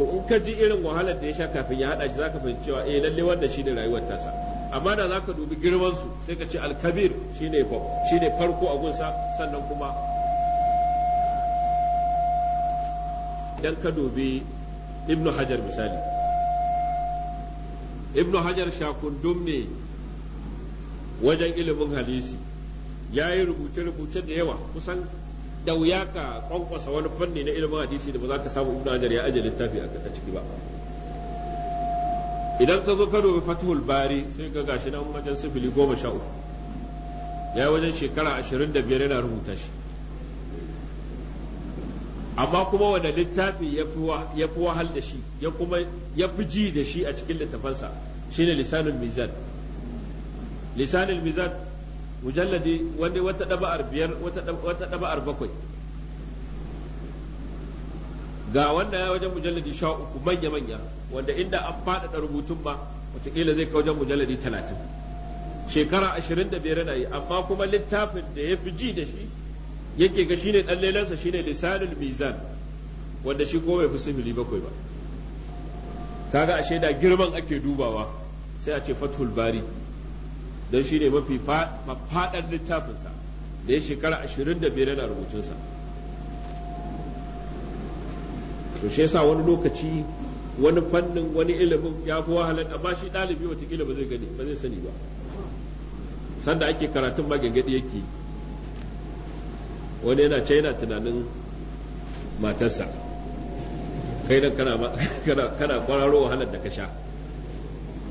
to in ka ji irin wahalar da ya sha kafin ya hada shi zaka fahimci cewa eh lalle wanda shine rayuwar tasa amma da zaka dubi girman su sai ka ce al-kabir shine shine farko a gunsa sannan kuma idan ka dubi ibnu hajar misali ibnu hajar shakundum ne wajen ilimin hadisi ya yi rubuce-rubuce da yawa kusan da wuya ka kwankwasa wani fanni na ilimin hadisi da ba za ka samu ibnu hajar ya ajiye littafi a ciki ba idan ka zo ka dubi fatihul bari sai ka gashi na wajen sifili goma sha uku ya yi wajen shekara ashirin da biyar yana rubuta shi amma kuma wanda littafi ya fi wahal da shi ya kuma ya fi ji da shi a cikin littafansa shine lisanul mizan lisanul mizan mujalladi wani wata daba'ar biyar wata daba'ar bakwai ga wanda ya wajen mujalladi sha uku manya-manya wanda inda an faɗaɗa rubutun ba wataƙila zai kai wajen mujalladi talatin shekara ashirin da biyar yana yi amma kuma littafin da ya fi ji da shi yake ga shine ɗan lelansa shine lisanul mizan wanda shi ko bai fi sifili bakwai ba kaga ashe da girman ake dubawa sai a ce fathul bari don shi ne mafi faɗar littafinsa da ya shekara ashirin da biyar yana rubutunsa to shi yasa wani lokaci wani fannin wani ilimin ya fi wahalar amma shi ɗalibi watakila ba zai gani ba zai sani ba sanda ake karatun ma yake wani yana can yana tunanin matarsa kai nan kana kwararo wahalar da ka sha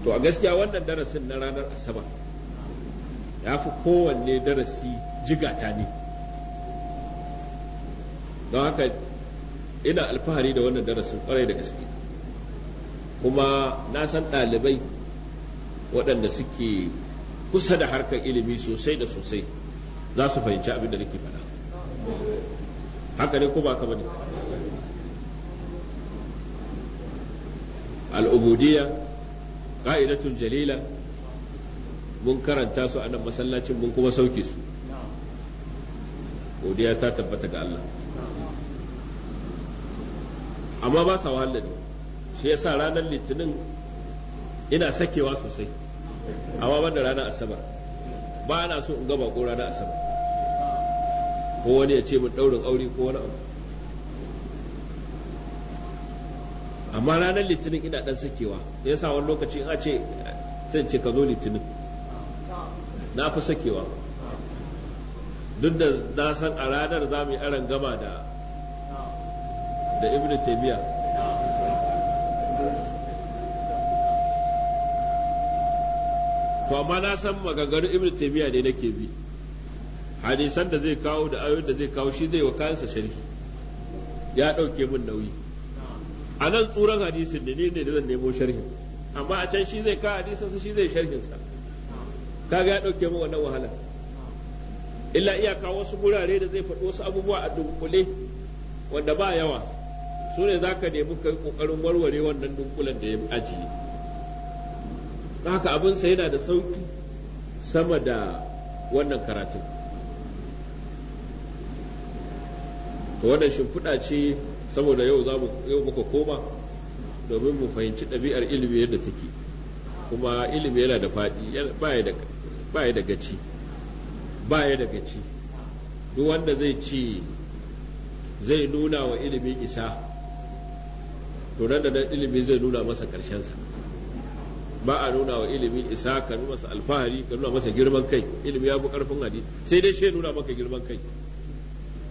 to a gaskiya wannan darasin na ranar asabar ya fi kowanne darasi jigata ne don haka ina alfahari da wannan darasin kwarai da gaske kuma na san ɗalibai waɗanda suke kusa da harkar ilimi sosai da sosai za su fahimci abin da nake faɗa haka ne ko ba ka bane al'ubudiyya ka'idatun jalila mun karanta su a nan masallacin mun kuma sauke su godiya ta tabbata ga Allah amma ba sa wahala ne shi yasa ranar litinin ina sakewa sosai amma ban da ranar asabar ba na so in ga ko ranar asabar ko wani ya ce mun daurin aure ko wani abu amma ranar litinin ina dan sakewa yasa wani lokaci in a ce sai ce ka zo litinin na fi sakewa duk da na san a ranar za mu yi aran gama da da ibn taimiyya to amma na san maganganun ibn taimiyya ne nake bi hadisan da zai kawo da ayoyin da zai kawo shi zai wa kayansa sharhi ya ɗauke min nauyi a nan tsuran hadisin ne ne da zan nemo sharhin amma a can shi zai kawo hadisinsa shi zai sharhinsa kaga ya dauke mu wannan wahala illa iyaka wasu gurare da zai faɗi wasu abubuwa a dunkule wanda ba yawa su ne za ka nemi kai kokarin warware wannan dunkulen da ya ajiye haka haka abinsa yana da sauki sama da wannan karatun to wannan shimfiɗa ce saboda yau za yau muka koma domin mu fahimci ɗabi'ar ilimi yadda take kuma ilimi yana da faɗi ya da ba ya daga ci ba ya daga ci duk wanda zai ci zai nuna wa ilimi isa to nan da nan ilimi zai nuna masa ƙarshensa ba a nuna wa ilimi isa ka nuna masa alfahari ka nuna masa girman kai ilimi ya fi ƙarfin hadi sai dai shi nuna maka girman kai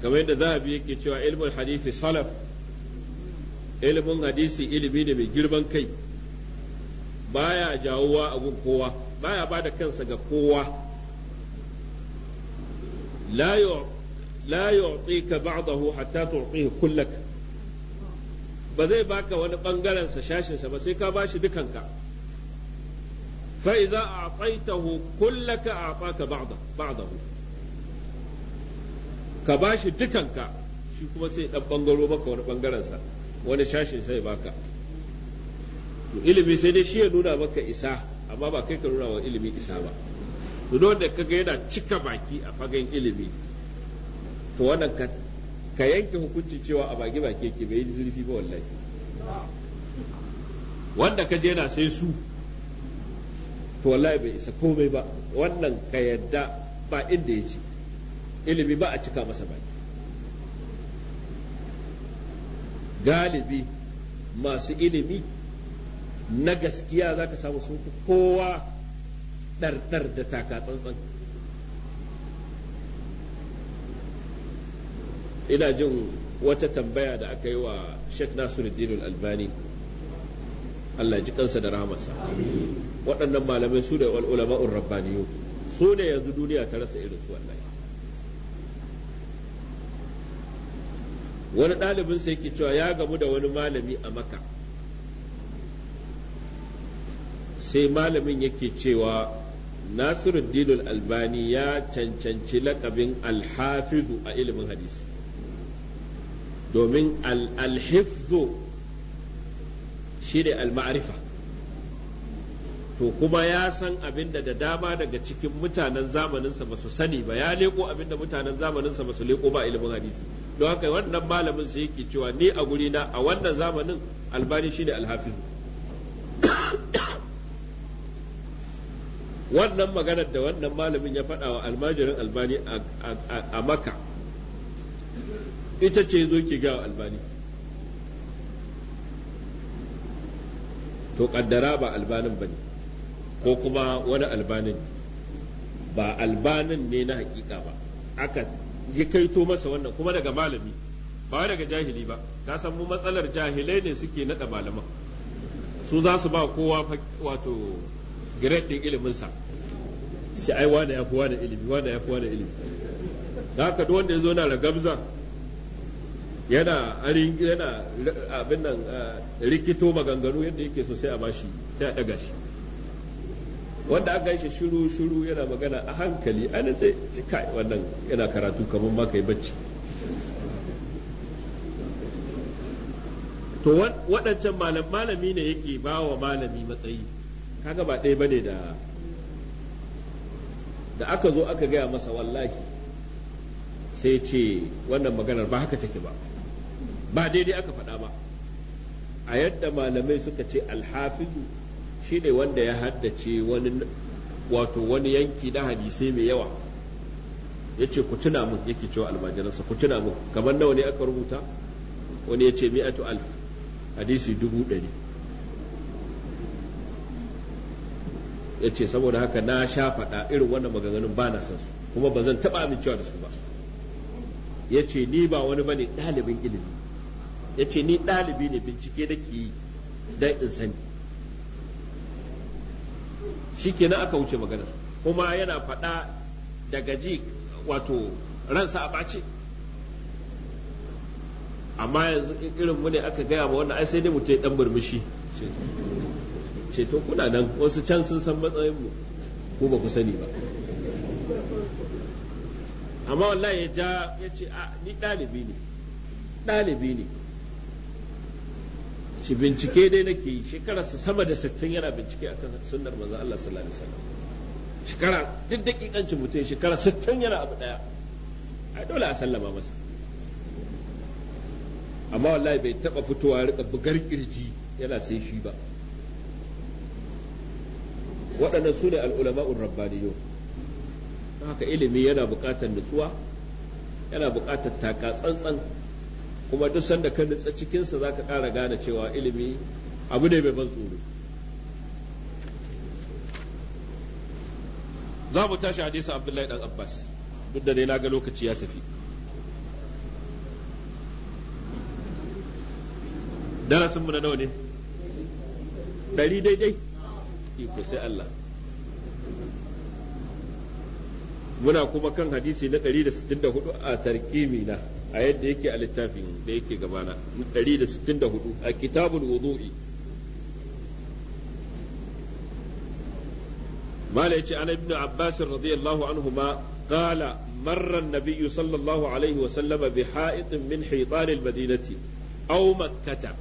kamar yadda zahabi yake cewa ilmin hadisi salaf ilimin hadisi ilimi ne mai girman kai baya jawowa a gun kowa baya ba da kansa ga kowa la yu'tika ba'dahu hatta tu'tihi kullak ba zai baka wani bangaren sa shashin sa ba sai ka bashi dukanka fa idza a'taitahu kullaka a'taka ba'da ba'dahu ka bashi dukanka shi kuma sai dan bangaro maka wani bangaren sa wani shashin sai baka to ilimi sai dai shi ya nuna maka isa amma ba kai ka nuna wa ilimi isa ba duk wanda ka yana cika baki a fagen ilimi to wannan ka ka yanke hukunci cewa a baki baki yake bai yi zurfi ba wallahi wanda ka je yana sai su to wallahi bai isa komai ba wannan ka yadda ba inda ya ce ilimi ba a cika masa baki galibi masu ilimi na gaskiya za ka samu sun fi kowa ɗarɗar da taka tsantsan ina jin wata tambaya da aka yi wa Sheikh Nasiruddin Albani Allah ji kansa da rahamarsa waɗannan malamai su da ulama'ur rabbaniyu su ne yanzu duniya ta rasa irin su wallahi wani ɗalibin sai yake cewa ya gamu da wani malami a maka sai malamin yake cewa nasiruddin albani ya cancanci lakabin alhafizu a ilimin hadisi domin alhifzu shi ne alma'arifa to kuma ya san abin da dama daga cikin mutanen zamaninsa ba su sani ba ya leko abin da mutanen zamaninsa ba su leko ba ilimin hadisi don haka wannan malamin sai yake cewa ni a gurina a wannan zamanin albani shi ne alhafizu wannan maganar da wannan malamin ya faɗa wa almajirin albani a maka ita ce zo ki ga albani to kaddara ba albanin ba ne ko kuma wani albanin ba albanin ne na hakika ba aka yi kaito masa wannan kuma daga malami ba daga jahili ba ka san mu matsalar jahilai ne suke naɗa malaman su za su ba kowa wato grade din ilimin sa shi ai wanda ya fi wanda ilimi wanda ya fi wanda ilimi da haka duk wanda ya zo na da gabza yana arin yana eh, abin nan eh, rikito maganganu yadda yake so sai a bashi sai a daga shi wanda aka yi shi shiru shiru yana magana a hankali an sai kai wannan yana karatu kamar ma kai bacci to waɗancan malami ne yake ba wa malami matsayi kaga ba ɗaya bane da da aka zo aka gaya masa wallahi sai ce wannan maganar ba haka take ba ba daidai aka faɗa ba a yadda malamai suka ce alhafizu shine wanda ya haddace wani wato wani yanki na hadisai mai yawa ya ce ku tuna mun yake cewa almajiransa ku tuna mun kamar nawa ne aka rubuta wani ya ce mi'atu alf hadisi dubu ɗari ya ce saboda haka na sha faɗa irin wannan maganganun ba na san su kuma ba zan taɓa amincewa da su ba ya ce ni ba wani bane ɗalibin ilimi ya ce ni ɗalibi ne bincike da ke yi don in sani shi kenan aka wuce maganar kuma yana faɗa daga ji wato ransa a ɓace amma yanzu irin mu ne aka gaya ma wannan ai sai dai mutum ya ɗan murmushi ce to kuna nan wasu can sun san matsayin mu ko ba ku sani ba amma wallahi ya ja ya ce a ni ɗalibi ne ɗalibi ne shi bincike dai nake yi shekararsa sama da sittin yana bincike akan sunnar manzo Allah sallallahu alaihi wasallam shekara duk dakikancin mutum shekara sittin yana abu daya a dole a sallama masa amma wallahi bai taba fitowa riƙa bugar kirji yana sai shi ba waɗannan su ne al'ulama'un rabbaniyo haka ilimi yana buƙatar nutsuwa yana buƙatar taka tsantsan kuma duk sanda ka nutsa cikinsa za ka ƙara gane cewa ilimi abu ne mai ban tsoro za mu tashi hadisa abdullahi dan abbas duk da ne na ga lokaci ya tafi darasinmu na nawa ne ɗari daidai sai Allah muna kuma kan hadisi na 164 a tarkimi na a yadda yake a littafin da yake gabana 164 a kitabul wudu'i mala yace an ibnu abbas radiyallahu ma qala marra an-nabiy sallallahu alaihi wa sallama bi ha'id min hitan madinati aumakata.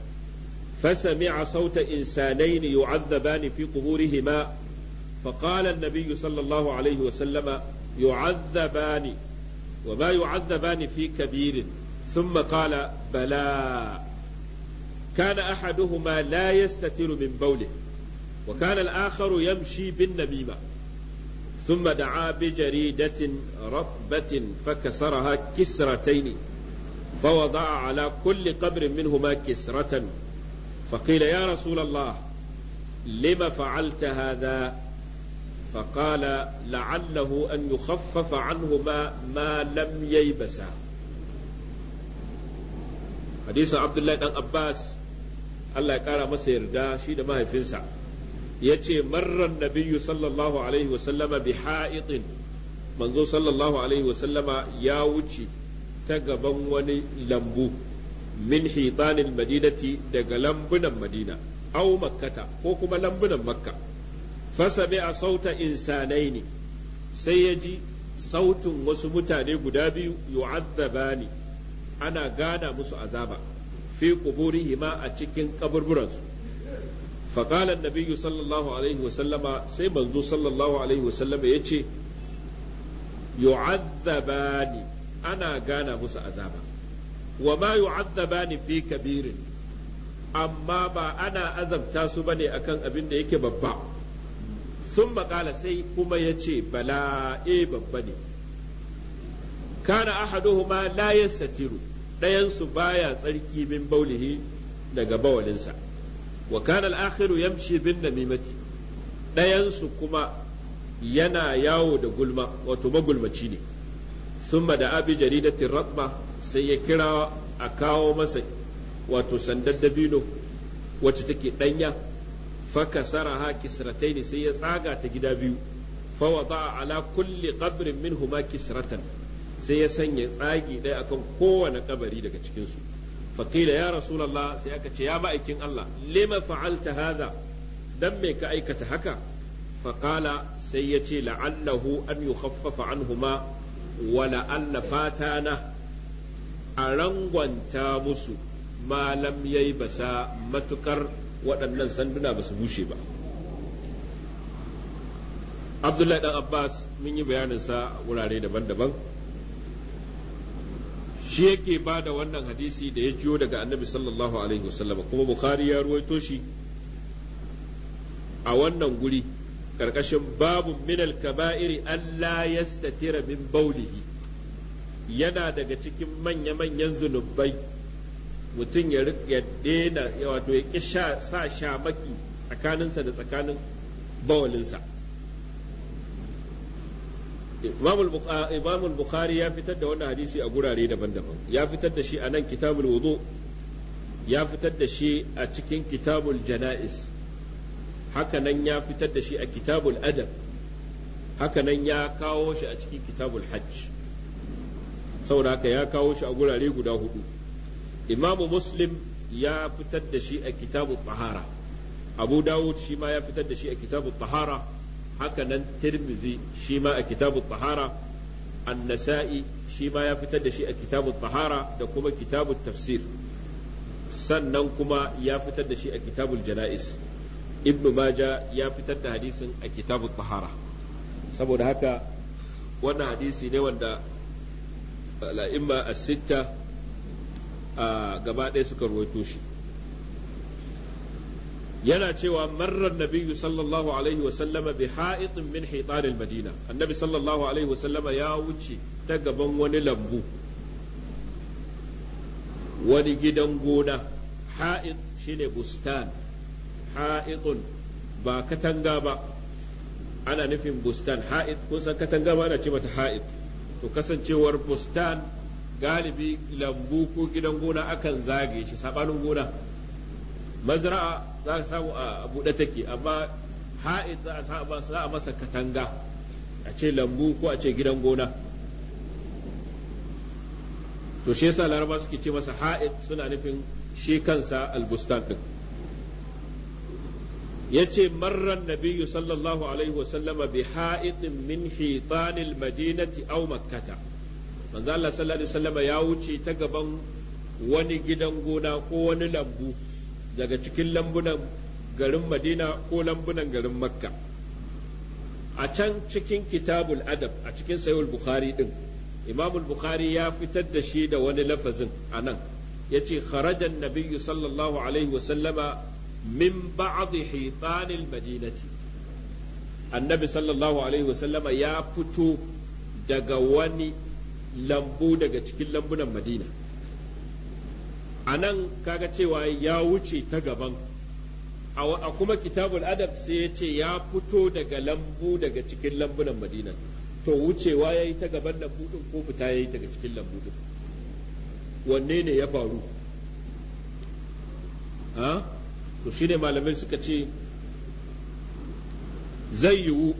فسمع صوت إنسانين يعذبان في قبورهما فقال النبي صلى الله عليه وسلم يعذبان وما يعذبان في كبير ثم قال بلى كان أحدهما لا يستتر من بوله وكان الآخر يمشي بالنميمة ثم دعا بجريدة رطبة فكسرها كسرتين فوضع على كل قبر منهما كسرة فقيل يا رسول الله لم فعلت هذا فقال لعله أن يخفف عنهما ما لم ييبسا حديث عبد الله بن عباس الله يقال ما سيردا شيد ما يفنسا يتي مر النبي صلى الله عليه وسلم بحائط منذ صلى الله عليه وسلم يا وجي تقبن وني لمبو min hitanil madinati daga lambunan madina au makkata ko kuma lambunan makka fasabi a sauta insanai ne sai ya ji sautin wasu mutane guda biyu ne ana gana musu azaba fi hima a cikin kaburburansu فقال nabiyu صلى الله عليه وسلم سي منذ صلى الله عليه وسلم يتي يعذبان أنا غانا موسى wa ma yu'adzabani fi kabirin amma ba ana azabta su ba ne akan abin da yake babba sun makala sai kuma ya ce bala e babba ne kana ahaduhuma la yastatiru ɗayansu baya tsarki min baulihi daga bawalinsa wa kana al-akhiru yamshi bin namimati ɗayansu kuma yana yawo da gulma wato magulmaci ne summa da abi jaridatin rabba sai ya kira a kawo masa wato sandar dabino wacce take ɗanya faka saraha kisratai ne sai ya tsaga ta gida biyu fawada ala kulli min huma kisratan sai ya sanya tsagi ɗaya akan kowane kabari daga cikinsu faƙila ya rasulallah sai aka ce ya ma'aikin Allah lima fa'alta hadha dan me ka aikata haka faƙala sai ya ce la'allahu an yukhaffafa anhuma wa la'alla fatana a rangwanta musu malam yayi basa matukar waɗannan sanduna ba su bushe ba abdullahi dan abbas mun yi bayaninsa wurare daban-daban shi yake ba da wannan hadisi da ya jiyo daga annabi sallallahu alaihi kuma bukhari ya ruwaito shi a wannan guri karkashin babu minal kaba'iri Allah ya statira min baulihi yana daga cikin manya-manyan zunubai mutum ya daina wato ya ƙi sa shamaki tsakaninsa da tsakanin bawalinsa imam bukhari ya fitar da wannan hadisi a gurare daban-daban ya fitar da shi a nan kitabul wudu ya fitar da shi a cikin kitabul jana'is hakanan ya fitar da shi a kitabul adab hakanan ya kawo shi a cikin kitabul hajj saboda haka ya kawo shi a gurare guda hudu imamu muslim ya fitar da shi a kitabu tahara abu dawud shi ma ya fitar da shi a kitabu tahara haka nan tirmidhi shi ma a kitabu tahara annasa'i shi ma ya fitar da shi a kitabu tahara da kuma kitabu tafsir sannan kuma ya fitar da shi a kitabul jana'is ibn maja ya fitar da hadisin a kitabul tahara saboda haka wannan hadisi ne wanda al'imma a sitta a gaba ɗaya suka ruwaito shi yana cewa marar nabiyyu sallallahu alaihi wasallama bi ha'itin min hitanil madina annabi sallallahu alaihi wasallama ya wuce ta gaban wani lambu wani gidan gona ha'it shine bustan ha'itun ba katanga ba ana nufin bustan ha'it kun san katanga ba ana ce mata ha'it to kasancewar bustan galibi lambu ko gidan gona akan zage shi sabanin gona mazra'a za ka samu a buɗe take amma ha'id za a masa katanga a ce lambu ko a ce gidan gona to shi yasa laraba suke ce masa ha'id suna nufin shi kansa albustan din yace marran nabiyyu sallallahu alaihi wasallama bi ha'idin min hitanil madinati aw makkata sallallahu alaihi wasallama ya wuce ta gaban wani gidan gona ko wani lambu daga cikin lambunan garin Madina ko lambunan garin Makka a can cikin kitabul adab a cikin sayul bukhari din imamul bukhari ya fitar da shi da wani lafazin anan yace kharajan nabiyyu sallallahu alaihi min ba'd hitanil madinati annabi sallallahu alaihi wasallama ya fito daga wani lambu daga cikin lambunan madina a nan kaga cewa ya wuce ta gaban a kuma kitabul adab sai ya ce ya fito daga lambu daga cikin lambunan madina to wucewa ya yi ta gaban lambu din ko fita ya yi daga cikin lambu din wanne ne ya faru ha? to ne malamai suka ce zai yiwu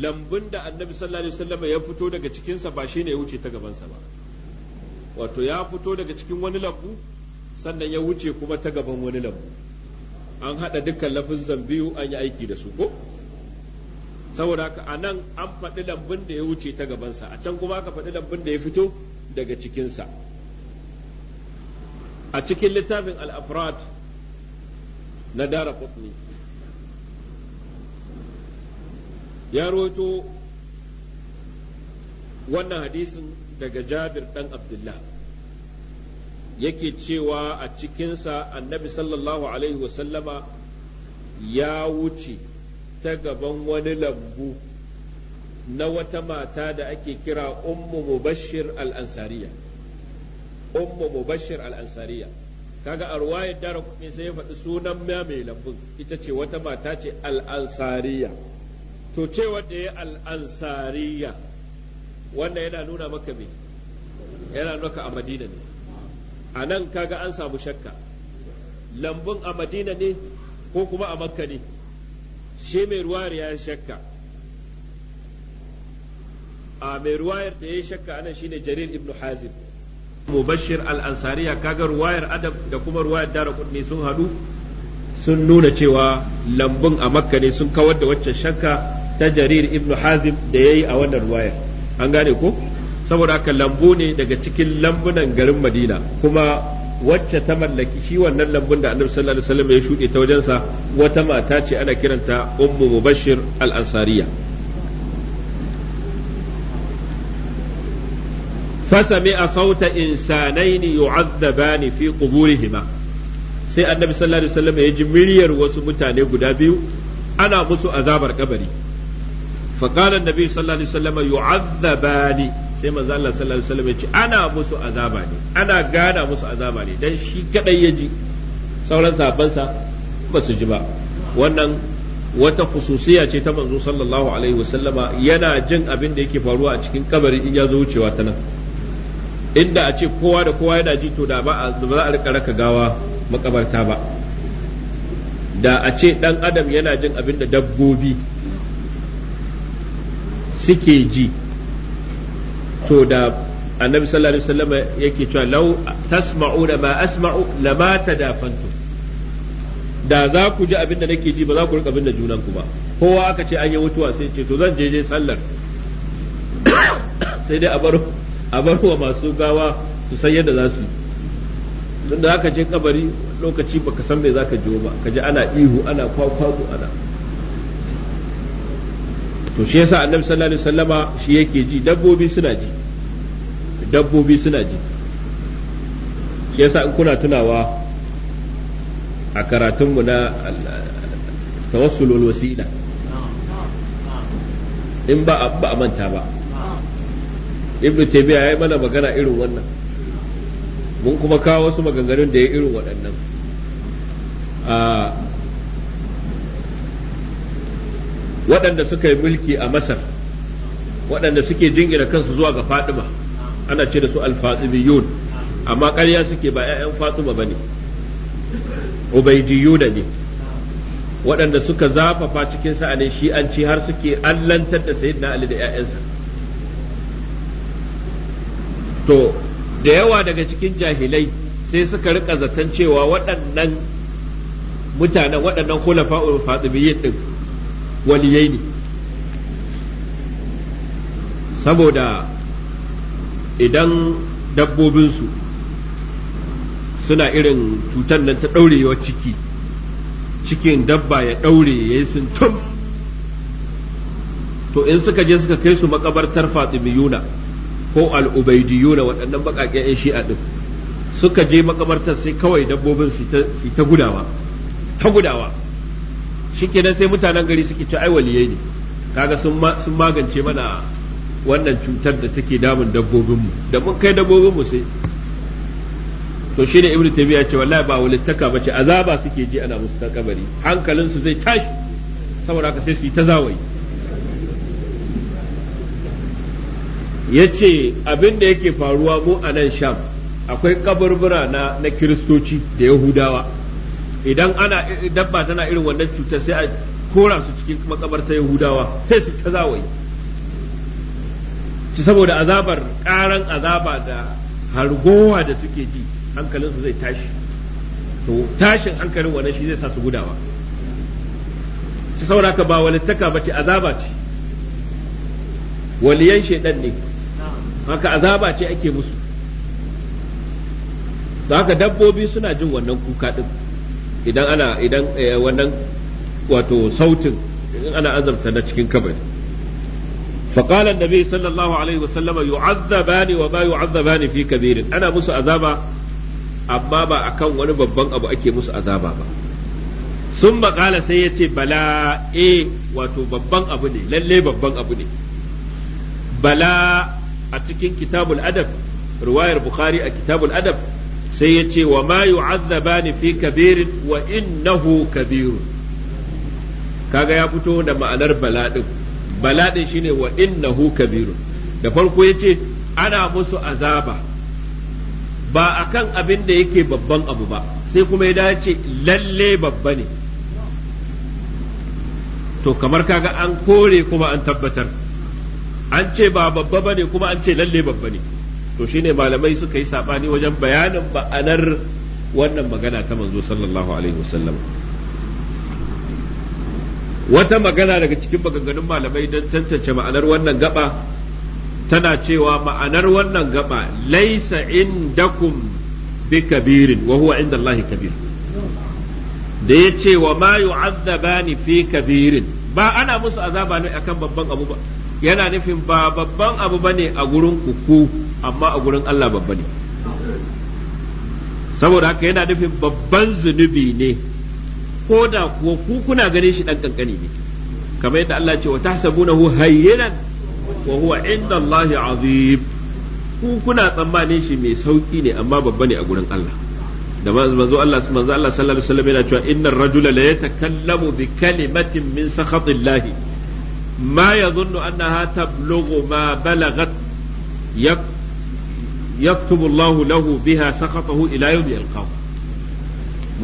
lambun da annabi sallallahu alaihi wasallam ya fito daga cikinsa ba shine ya wuce ta gabansa ba wato ya fito daga cikin wani lambu sannan ya wuce kuma ta gaban wani lambu an haɗa dukkan lafizan biyu an yi aiki da su ko saboda haka a nan an faɗi lambun da ya wuce ta gabansa a can kuma ka faɗi lambun da ya fito daga cikinsa a cikin littafin al-afrad na dara kutni ya roto wannan hadisin daga jabir dan abdullah yake cewa a cikinsa annabi sallallahu alaihi wasallama ya wuce ta gaban wani lambu na wata mata da ake kira ummu mubashir al'ansariya. ummu mubashir al-ansariya kaga a ruwayar dara kuɗi sai ya faɗi sunan ma mai lambun ita ce wata mata ce al'ansariya to ce wanda ya al'ansariya wannan yana nuna maka me yana nuna a madina ne a nan kaga an samu shakka lambun a madina ne ko kuma a makka ne shi mai ruwayar ya shakka a mai ruwayar da ya shakka anan shine jarir ibnu hazim mubashir al-ansariya kaga ruwayar adam da kuma ruwayar dara kudni sun hadu sun nuna cewa lambun a makka ne sun kawar da waccan shakka ta jarir ibnu hazim da ya yi a wannan ruwayar an gane ko saboda haka lambu ne daga cikin lambunan garin madina kuma wacce ta mallaki shi wannan lambun da annabi sallallahu alaihi wasallam ya shuɗe ta wajensa wata mata ce ana kiranta ummu mubashir al-ansariya fasami a sauta insanaini yu'azzabani fi quburihima sai annabi sallallahu alaihi wasallam ya ji miryar wasu mutane guda biyu ana musu azabar kabari fa qala annabi sallallahu alaihi wasallam yu'azzabani sai manzo Allah sallallahu alaihi wasallam ya ce ana musu azaba ne ana gana musu azaba ne dan shi kadai ya ji sauran sahabbansa ba su ji ba wannan wata khususiya ce ta manzo sallallahu alaihi wasallama yana jin abin da yake faruwa a cikin kabari in ya zo wucewa ta nan inda a ce kowa da kowa yana ji to da ba za a rika raka gawa makabarta ba da a ce dan adam yana jin abin da dabbobi suke ji to da annabi sallallahu alaihi wasallam yake cewa law da ma asma'u lama tadafantu da za ku ji abin da nake ji ba za ku rika abin da junan ku ba kowa aka ce an yi mutuwa sai ce to zan je je sallar sai dai a baro a bar wa masu gawa su san yadda za su tunda da haka je kabari lokaci baka san me zaka jiwo ba kaji ana ihu ana kwakwazo ana to shi yasa annabi sallallahu alaihi wasallama shi yake ji dabbobi suna ji dabbobi suna ji shi yasa in kuna tunawa a karatunmu na tawassulul wasila in ba a manta ba ibnu taymiya yayi mana magana irin wannan mun kuma kawo wasu maganganun da ya irin waɗannan waɗanda suka yi mulki a masar waɗanda suke jingina kansu zuwa ga fatima ana ce da su alfatimiyun amma ƙarya suke ba 'ya'yan fatima ba ne ubaidiyuna ne waɗanda suka zafafa cikin sa'anin shi'anci har suke allantar da sayyidina ali da 'ya'yansa to da yawa daga cikin jahilai sai suka rika zaton cewa waɗannan mutanen waɗannan khulafa'ul fatimiyyin din waliyai ne saboda idan dabbobinsu suna irin cutar nan ta ɗaurewa ciki cikin dabba ya ɗaure ya yi to in suka je suka kai su makabartar fatimiyuna ko na waɗannan baƙaƙen 'yan shi'a ɗin suka je makabartar sai kawai dabbobin su ta gudawa ta gudawa shikenan sai mutanen gari suke ci ai waliyai ne kaga sun magance mana wannan cutar da take damun dabbobinmu da mun kai dabbobinmu sai to shi ne ibnu tabiya ce wallahi ba walittaka bace azaba suke ji ana musu ta kabari hankalinsu zai tashi saboda haka sai su yi ta zawayi Ya ce abin da yake faruwa mu a nan sham akwai kaburbura na na kiristoci da yahudawa idan ana dabba tana irin wannan cuta sai a kora su cikin makabarta yahudawa sai su ta ci saboda azabar karan azaba da hargowa da suke ji hankalinsu zai tashi to tashin hankalin wannan shi zai sa su gudawa ci saboda ka ba walittaka ba ce azaba ce waliyan shedan ne haka azaba ce ake musu da haka dabbobi suna jin wannan kuka din idan ana idan eh, wannan wato sautin idan ana azabta na cikin kabari فقال النبي صلى الله عليه وسلم يعذبان وما يعذبان في كبير انا musu azaba amma ba a kan wani babban abu ake musu azaba ba sun makala sai ya ce bala e wato babban abu ne lalle babban abu ne bala a cikin kitabul adab riwayar bukhari a kitabul adab sai ya ce wa ma ni fi kabirin wa innahu kabirun kaga ya fito da ma'anar baladin baladin shine wa innahu kabirun da farko ya ce ana musu azaba ba akan abin da yake babban abu ba sai kuma ya dace lalle babba ne to kamar kaga an kore kuma an tabbatar an ce ba babba ne kuma an ce lalle babba ne to shine malamai suka yi sabani wajen bayanin ba'anar wannan magana ta manzo sallallahu alaihi wasallam wata magana daga cikin maganganun malamai don tantance ma'anar wannan gaba tana cewa ma'anar wannan gaba laisa indakum bi kabirin wa huwa inda Allah kabir da ya ce wa ma yu'azzabani fi kabirin ba ana musu azaba ne akan babban abu ba yana nufin ba babban abu ba ne a gurin ku amma a gurin Allah babba ne saboda haka yana nufin babban zunubi ne ko da kuwa ku kuna ganin shi dan kankani ne kamar yadda Allah ce wa tahsabunahu hayyinan wa huwa inda Allahi azim ku kuna tsammanin shi mai sauki ne amma babba ne a gurin Allah da manzo Allah manzo Allah sallallahu alaihi wasallam yana cewa innar rajula la yatakallamu bi kalimatin min sakhatillah ma yadhunnu annaha tablughu ma balagat yaktubu Allah lahu biha sakatahu ila yawmi yalqahu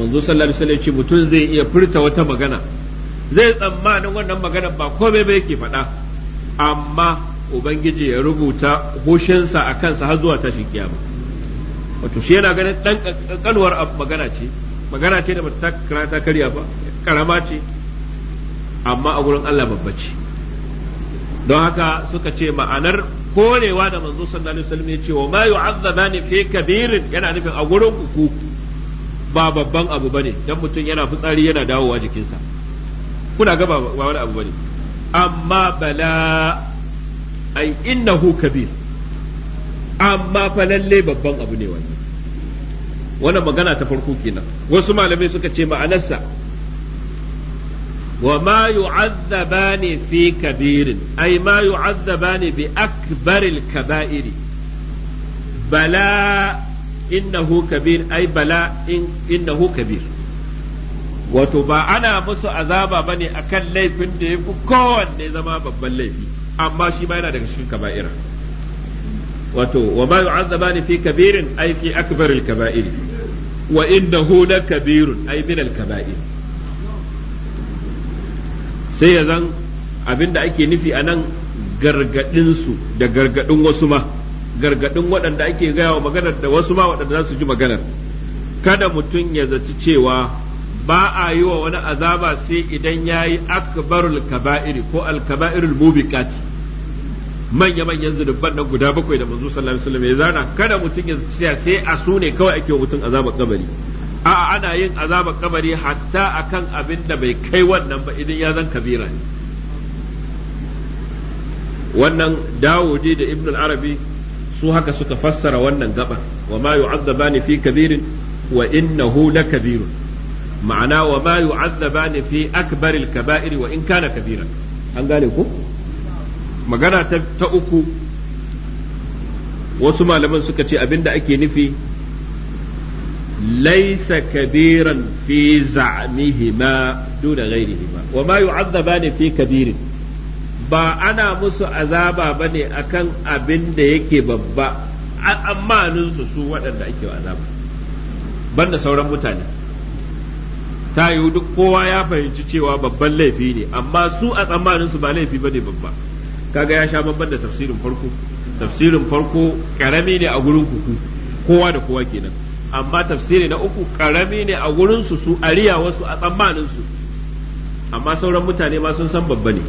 manzo sallallahu alaihi wasallam ce mutum zai iya furta wata magana zai tsammanin wannan magana ba komai ba yake faɗa amma ubangiji ya rubuta hushinsa a kansa har zuwa tashin kiyama wato shi yana ganin ɗan kankanuwar magana ce magana ce da ba ta karya ba karama ce amma a gurin Allah babba ce don haka suka ce ma'anar korewa da manzo sallallahu alaihi wasallam ya ce wa ma yu'azzabani fi kabirin yana nufin a gurin ku ba babban abu bane dan mutum yana fitsari yana dawowa jikinsa kuna ga ba wani abu bane amma bala ai innahu kabir amma fa lalle babban abu ne wannan wannan magana ta farko kenan wasu malamai suka ce ma'anarsa wa ma yu'azzabani fi kabirin ay ma yu'azzabani bi akbaril kaba'iri bala innahu kabir ay bala innahu kabir wato ba ana musu azaba bane akan laifin da yafi kowanne zama babban laifi amma shi ma na daga cikin kaba'ira wato wa ma yu'azzabani fi kabirin ay fi akbaril kaba'iri wa kabirun ay min sai ya zan abin da ake nufi a nan gargaɗinsu da gargaɗin wasu ma gargaɗin waɗanda ake gaya wa maganar da wasu ma waɗanda za su ji maganar kada mutum ya zaci cewa ba a yi wa wani azaba sai idan ya yi akbarul kaba'iri ko alkaba'irul mubikati manya-manyan zunuban nan guda bakwai da manzo sallallahu alaihi wasallam ya zana kada mutum ya zaci sai a su ne kawai ake wa mutum azabar kabari a'a ana yin azabar kabari hatta akan abin da bai kai wannan ba idan ya zan kabira ne wannan dawudi da ibn arabi su haka suka fassara wannan gabar wa ma yu'azzabani fi kabirin wa innahu lakabirun ma'ana wa ma yu'azzabani fi akbaril kaba'iri wa in kana kabiran an gane ku magana ta uku wasu malaman suka ce abinda ake nufi laisa kabiran fi za'mihima duna ghairihima wa ma yu'azzabani fi kabirin ba ana musu azaba bane akan abin da yake babba amma su su waɗanda ake azaba banda sauran mutane ta yiwu duk kowa ya fahimci cewa babban laifi ne amma su a tsammanin su ba laifi bane babba kaga ya sha babban da tafsirin farko tafsirin farko karami ne a gurin ku kowa da kowa kenan amma tafsiri na uku karami ne a wurinsu su ariya wasu a tsammaninsu amma sauran mutane ma sun san babba ne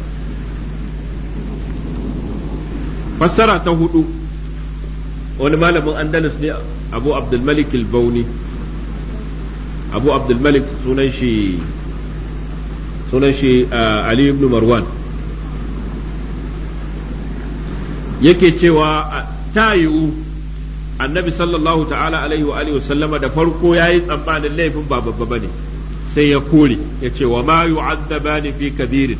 fassara ta hudu wani malamin andalus ne abu abdulmalik bauni abu abdulmalik sunan shi sunan shi uh, ali ibn marwan yake cewa ta yiwu annabi sallallahu ta'ala alaihi wa alihi sallama da farko yayi tsammanin laifin ba babba bane sai ya kore ya ce wa ma yu'adzabani fi kabirin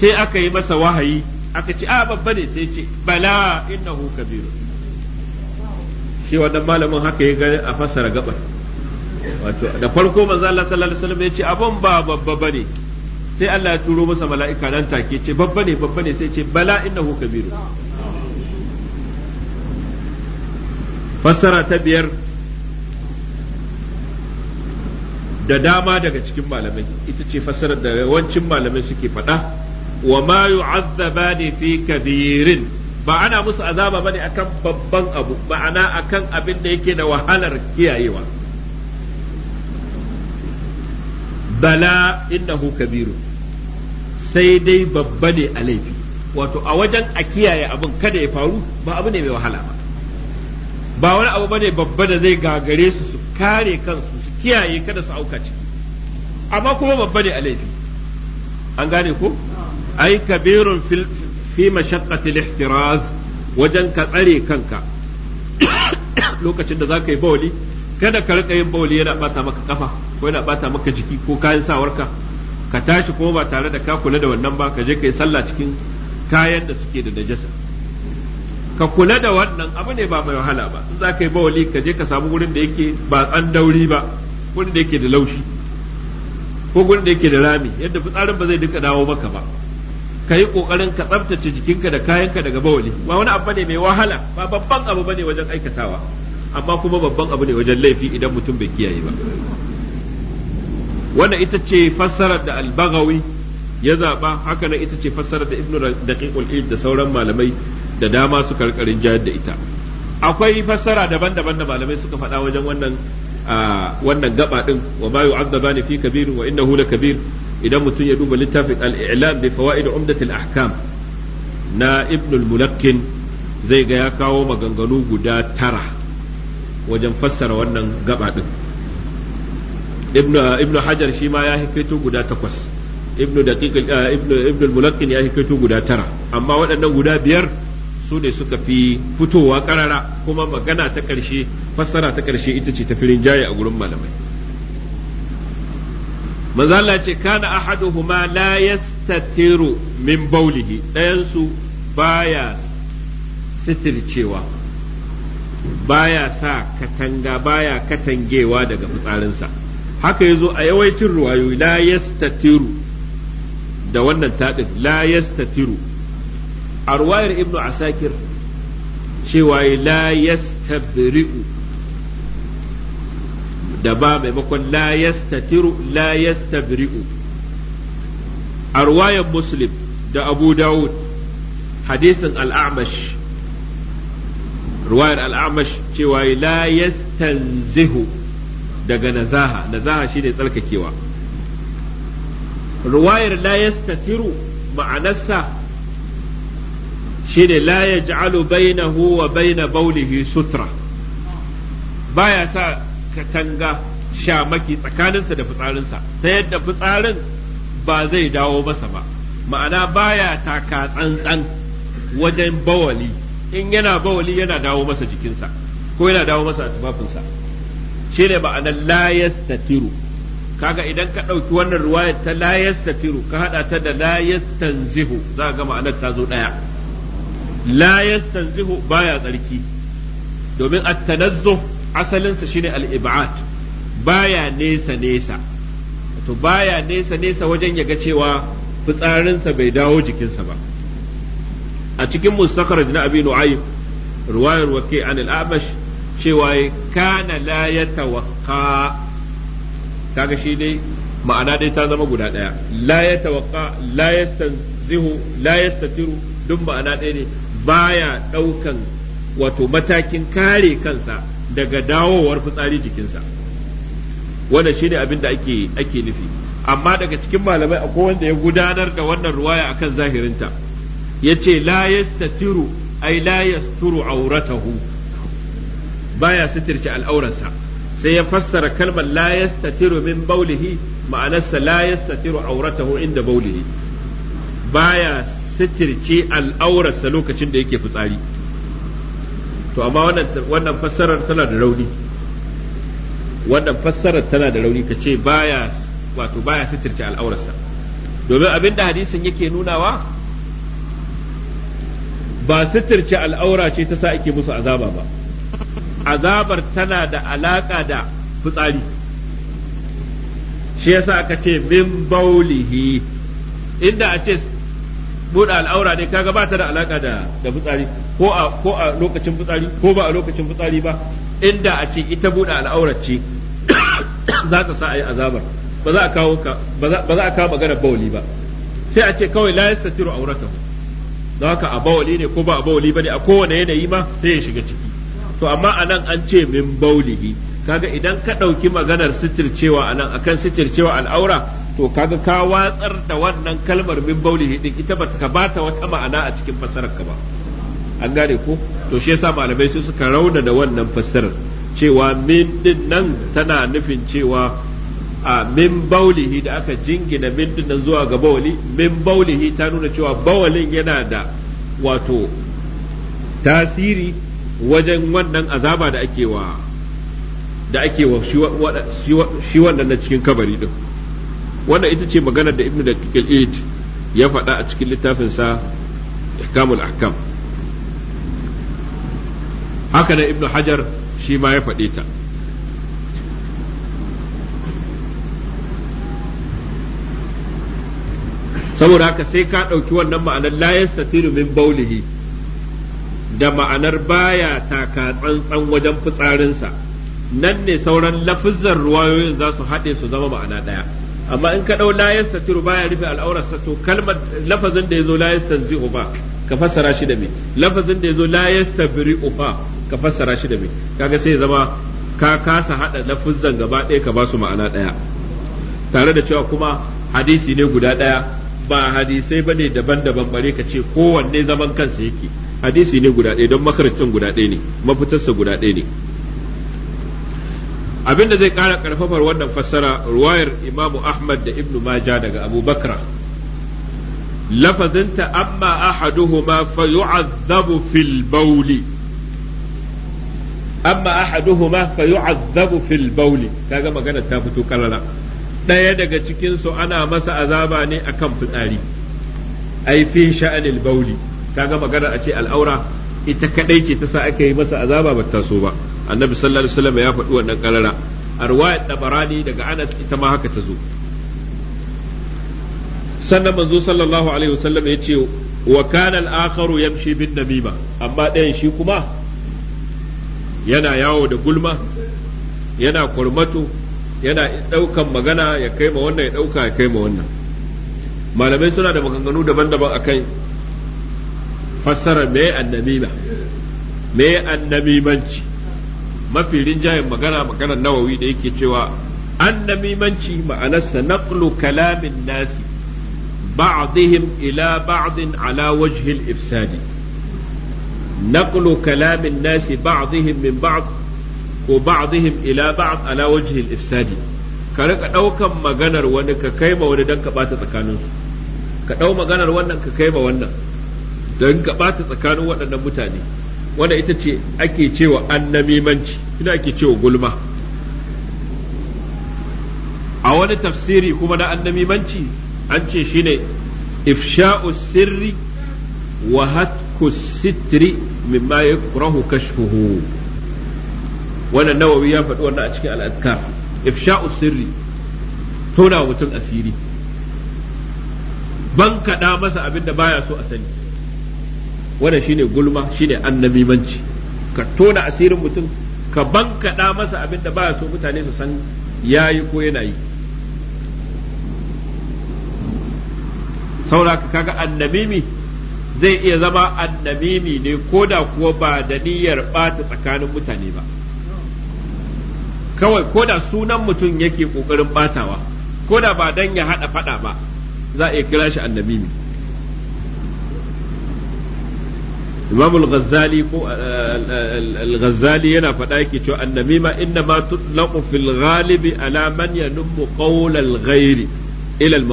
sai aka yi masa wahayi aka ce a babba ne sai ce bala innahu kabiru shi wannan malamin haka ya ga a fasara gabar wato da farko manzo Allah sallallahu alaihi wasallam ya ce abun ba babba bane sai Allah ya turo masa mala'ika nan take ce babba ne babba ne sai ce bala innahu kabiru fassara ta biyar da dama daga cikin malamai ita ce fassarar da yawancin malamai suke faɗa wa ma yu'azzaba ne fi kabirin ba ana musu azaba bane akan babban abu ma'ana akan abin da yake da wahalar kiyayewa bala innahu kabiru sai dai babba ne a laifi wato a wajen a kiyaye abin kada ya faru ba abu ne mai wahala ba ba wani abu bane babba da zai gagare su su kare kansu su kiyaye kada su auka ciki amma kuma babba ne a laifi an gane ko ai kabirun fi mashaqqati al-ihtiraz wajen ka tsare kanka lokacin da zaka yi bawli kada ka rika yin bawli yana bata maka kafa ko yana bata maka jiki ko kayan sawarka ka tashi kuma ba tare da ka kula da wannan ba ka je ka yi sallah cikin kayan da suke da najasa ka kula da wannan abu ne ba mai wahala ba in za ka yi bawali ka je ka samu wurin da yake ba tsan dauri ba wurin da yake da laushi ko wurin da yake da rami yadda fitsarin ba zai duka dawo maka ba ka yi kokarin ka tsaftace jikinka da kayanka daga bawali ba wani abu ne mai wahala ba babban abu bane wajen aikatawa amma kuma babban abu ne wajen laifi idan mutum bai kiyaye ba wannan ita ce fassarar da albagawi ya zaba haka nan ita ce fassarar da ibnu daqiqul id da sauran malamai da dama suka rikarin jayar da ita akwai fassara daban-daban da malamai suka faɗa wajen wannan wannan gaba din wa ma yu'adzabani fi kabir wa innahu kabir idan mutum ya duba littafin al-i'lam bi fawaid umdatil ahkam na ibn al-mulakkin zai ga ya kawo maganganu guda tara wajen fassara wannan gaba din ibn hajar shi ma ya hikaito guda takwas ibn daqiq ibn ibn al-mulakkin ya hikaito guda tara amma waɗannan guda biyar su ne suka fi fitowa karara kuma magana ta ƙarshe fassara ta ƙarshe ita ce ta firin jaye a gurin malamai manzo ce kana ahaduhuma la yastatiru min baulihi ɗayan su baya sitircewa baya sa katanga baya katangewa daga fitsarinsa haka ya zo a yawaitin ruwayoyi la yastatiru da wannan taɗin la yastatiru a ruwayar ibnu asakir cewa la yastabri'u da ba maimakon la yastatiru la yastabri'u a ruwayar muslim da abu dawud hadisin al'amash ruwayar al'amash cewa la yastanzihu daga nazaha nazaha shine tsarkakewa ruwayar la yastatiru ma'anarsa shine la ya yaj'alu bainahu wa baina sutura ba ya sa katanga shamaki tsakaninsa da fitsarinsa ta yadda fitsarin ba zai dawo masa ba ma'ana baya taka tsantsan wajen bawali in yana bawali yana dawo masa jikinsa ko yana dawo masa tufafinsa shi ne ma'anar la tiro kaga idan ka ɗauki wannan ruwayar ta ta tiro ka haɗa ta da ta zihu za ga ma'anar ta zo ɗaya la yastanzihu baya tsarki domin at-tanazzuh asalinsa shine al-ib'ad baya nesa nesa to baya nesa nesa wajen ya ga cewa fitsarinsa bai dawo jikinsa ba a cikin mustakhraj na abi nu'aym ruwayar wake an al-abash cewa kana la yatawaqqa kaga shi dai ma'ana dai ta zama guda daya la yatawaqqa la yastanzihu la yastatiru duk ma'ana ɗaya ne baya ɗaukan wato matakin kare kansa daga dawowar fitsari jikinsa wannan shine abin da ake ake nufi amma daga cikin malamai akwai wanda ya gudanar da wannan ruwaya akan zahirinta yace la yastatiru ay la yasturu auratahu baya sitirce al'aurarsa sai ya fassara kalmar la yastatiru min baulihi ma'anarsa la yastatiru auratahu inda baulihi baya sitirce al'aurarsa lokacin da yake fitsari to amma wannan wannan fassarar tana da rauni wannan fassarar tana da rauni ka ce baya wato baya sitirce al'aurarsa domin abin da hadisin yake nunawa ba sitirce al'aura ce ta sa ake musu azaba ba azabar tana da alaka da fitsari shi yasa aka ce min baulihi inda a ce buɗe al'aura dai kaga ba ta da alaka da da fitsari ko a ko a lokacin fitsari ko ba a lokacin fitsari ba inda a ce ita buɗe al'aurar ce za ta sa a yi azabar ba za a kawo ba za a kawo maganar bawali ba sai a ce kawai la yastatiru auratahu don haka a bawali ne ko ba a bawali bane a kowane yanayi ma sai ya shiga ciki to amma anan an ce min bawlihi kaga idan ka ɗauki maganar sitircewa anan akan sitircewa al'aura to kaga ka watsar da wannan kalmar min baulihi din ita ba ka bata wata ma'ana a cikin fassarar ka ba an gane ko to shi yasa malamai su suka rauna da wannan fassarar cewa min din nan tana nufin cewa a min baulihi da aka jingina min din nan zuwa ga bawali min baulihi ta nuna cewa bawalin yana da wato tasiri wajen wannan azaba da ake wa da ake wa shi wannan na cikin kabari din wannan ita ce maganar da ibnu daqiq eid ya faɗa a cikin littafin sa ihkamul ahkam haka nan ibnu hajar shi ma ya faɗe ta saboda haka sai ka ɗauki wannan ma'anar la yastatiru min baulihi da ma'anar baya taka tsantsan wajen fitsarinsa nan ne sauran lafizar ruwayoyin za su haɗe su zama ma'ana ɗaya amma in ka dau la yastatiru baya rufe al'aurarsa to kalmar lafazin da yazo la yastanzi'u ba ka fassara shi da me lafazin da yazo la yastabri'u ba ka fassara shi da me kaga sai zama ka kasa hada lafuzan gaba ɗaya ka ba su ma'ana ɗaya tare da cewa kuma hadisi ne guda ɗaya ba hadisai bane daban-daban bare ka ce kowanne zaman kansa yake hadisi ne guda ɗaya don makarantun guda ɗaya ne mafitarsa guda ɗaya ne abin da zai kara karfafar wannan fassara ruwayar imamu ahmad da ibnu maja daga abu bakra lafazinta amma ahaduhuma fa yu'azzabu fil Bauli. amma ahaduhuma fa yu'azzabu fil bawli kaga magana ta fito karara ɗaya daga cikin su ana masa azaba ne akan fitsari ai fi sha'anil bawli kaga magana a ce al'aura ita kadai ce ta sa aka yi masa azaba ba ta so ba annabi sallallahu alaihi wasallam ya faɗi wannan karara a riwayat tabarani daga anas ita ma haka ta zo sannan manzo sallallahu alaihi wasallam ya ce wa kana al yamshi bin namima amma ɗayan shi kuma yana yawo da gulma yana kurmato yana ɗaukan magana ya kai ma wannan ya ɗauka ya kai ma wannan malamai suna da maganganu daban-daban akan fassarar me annamima me annabimanci mafi rinjayen magana maganar nawawi da yake cewa an namimanci ma'anarsa naqlu kalamin nasi ba'dihim ila ba'din ala wajhil ifsadi naqlu kalamin nasi ba'dihim min ba'd ko ba'dihim ila ba'd ala wajhil ifsadi ka rika daukan maganar wani ka kai ma wani dan ka bata su. ka dau maganar wannan ka kai ma wannan dan ka bata tsakanin waɗannan mutane wanda ita ce ake cewa annamimanci ina ake cewa gulma a wani tafsiri kuma na annamimanci an ce shine ifsha'u sirri wa hatku sitri mimma yakrahu kashfuhu wannan nawawi ya faɗi wannan a cikin al'adkar ifsha'u sirri tona mutum asiri ban kaɗa masa abin da baya so a sani wannan shine gulma shine annabimanci ka tona asirin mutum ka bankaɗa masa abin da ba so mutane su san yayi ko yana yi sauraka kaga annamimi zai iya zama annabimi ne ko da kuwa ba da niyyar bata tsakanin mutane ba kawai ko da sunan mutum yake ƙoƙarin batawa ko da ba dan ya haɗa faɗa ba za a iya kira shi annamimi imam gazali ko uh, al yana faɗa yake cewa annamima inna ma tutlaqu fil ghalibi ala man yanummu qawl al-ghairi ila al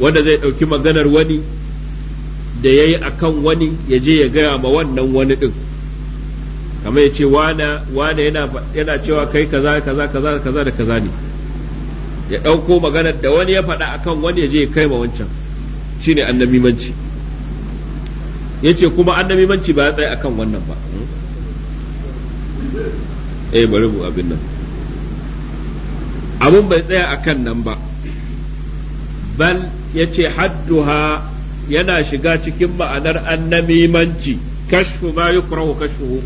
wanda zai maganar wani da yayi akan wani ya je ya gaya ma wannan wani ɗin kamar ya ce yana cewa kai kaza kaza kaza kaza da kaza ne ya ɗauko maganar da wani ya faɗa akan wani ya je ya kai ma wancan shine annamimanci yace kuma annabi manci ba ya tsaya akan wannan ba eh bari mu abin nan abun bai tsaya akan nan ba bal yace hadduha yana shiga cikin ma'anar manci, kashfu ma yukrahu kashfu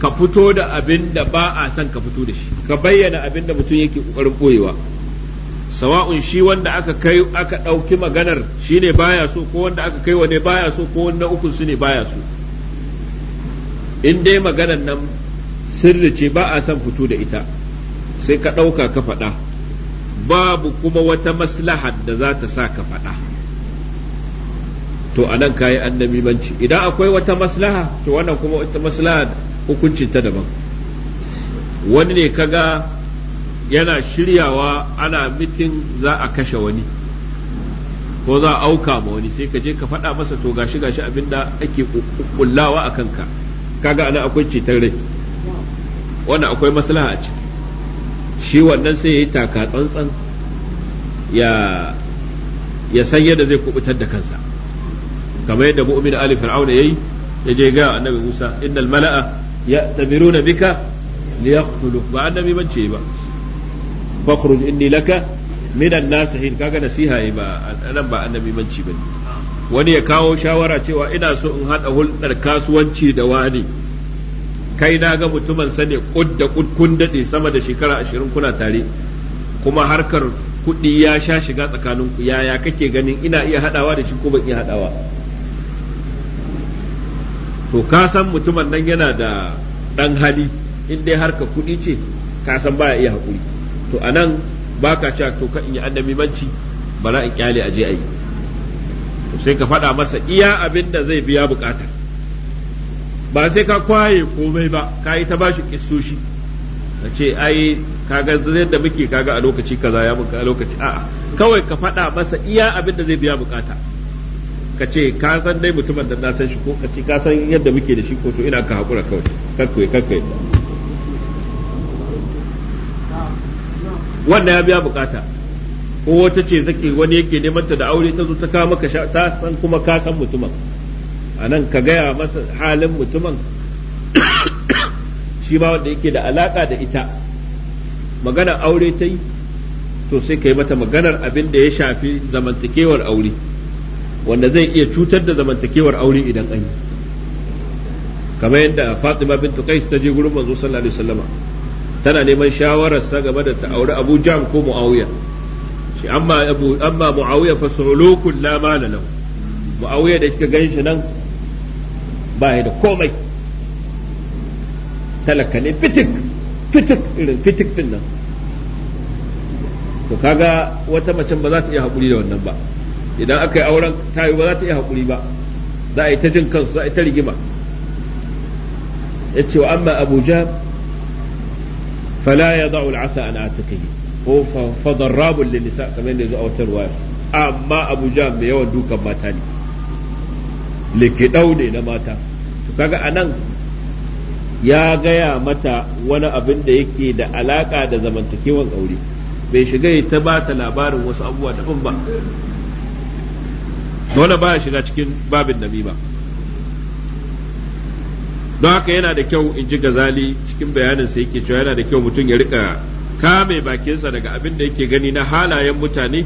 ka fito da abin da ba a son ka fito da shi ka bayyana abin da mutum yake kokarin boyewa sawa'un shi wanda aka kai aka ɗauki maganar shi ne baya so ko wanda aka kai wa ne baya so ko wanda ukun su ne baya so in dai maganar nan sirri ce ba a son fito da ita sai ka ɗauka ka faɗa babu kuma wata maslaha da za ta sa ka faɗa to anan kayi banci. idan akwai wata maslaha to wannan kuma wata maslaha hukuncinta daban wani ne kaga yana shiryawa ana mitin za a kashe wani ko za a auka ma wani sai ka je ka faɗa masa to gashi gashi abin da ake kullawa a kanka kaga ana akwai cetar rai wannan akwai maslaha a ciki shi wannan sai ya yi taka tsantsan ya ya san yadda zai kubutar da kansa kamar yadda mu'min ali fir'auna yayi ya je ga annabi Musa innal mala'a ya'tamiruna bika liyaqtulu ba annabi bace ba fakhruj inni laka minan nasihin kaga nasiha ba nan ba annabi manci bane wani ya kawo shawara cewa ina so in hada hulɗar kasuwanci da wani kai na ga mutumin sane kud da kud kun dade sama da shekara ashirin kuna tare kuma harkar kuɗi ya sha shiga tsakanin ku yaya kake ganin ina iya hadawa da shi ko ban iya hadawa to ka san mutumin nan yana da dan hali in dai harka kuɗi ce ka san baya iya hakuri to a nan ba ka cewa to ka in yi annabi manci za in kyale yi. ayi sai ka faɗa masa iya abin da zai biya bukata ba sai ka kwaye komai ba ka yi ta bashi kistoshi ka ce ai kaga da muke kaga a lokaci kaza ya muka a lokaci a'a kawai ka faɗa masa iya abin da zai biya bukata ka ce ka san dai mutumin da na san shi ko ka ce ka san yadda muke da shi ko to ina ka haƙura kawai kakkai kakkai wannan ya biya bukata ko wata ce zake wani yake neman ta da aure ta zo ta kawo maka ta san kuma ka san mutumin a nan ka gaya masa halin mutumin shi ba wanda yake da alaka da ita maganar aure ta yi to sai ka yi mata maganar abin da ya shafi zamantakewar aure wanda zai iya cutar da zamantakewar aure idan an yi kamar yadda fatima bintu qais ta je gurin manzo sallallahu alaihi wasallama tana neman shawararsa game da ta abu jam ko mu'awiya shi amma abu amma mu'awiya fa sulukun la mala lahu mu'awiya da kika ganshi nan ba ya da komai talaka ne fitik fitik irin fitik din nan to kaga wata mace ba za ta iya hakuri da wannan ba idan aka yi auren tayi ba za ta iya hakuri ba za a yi ta jin kansu za a yi ta rigima yace ce wa amma Abuja. fala ya ana al'asa an atakahi ko fa darrabun lin nisa kamar da zuwa wata ruwaya amma Abu mai yawan dukan mata ne likidau ne na mata to anan ya gaya mata wani abin da yake da alaƙa da zamantakewan aure bai shiga ta ba ta labarin wasu abubuwa daban ba dole ba shiga cikin babin namima ba don haka yana da kyau in ji gazali cikin bayanin sa yake cewa yana da kyau mutum ya rika kame bakinsa daga abin da yake gani na halayen mutane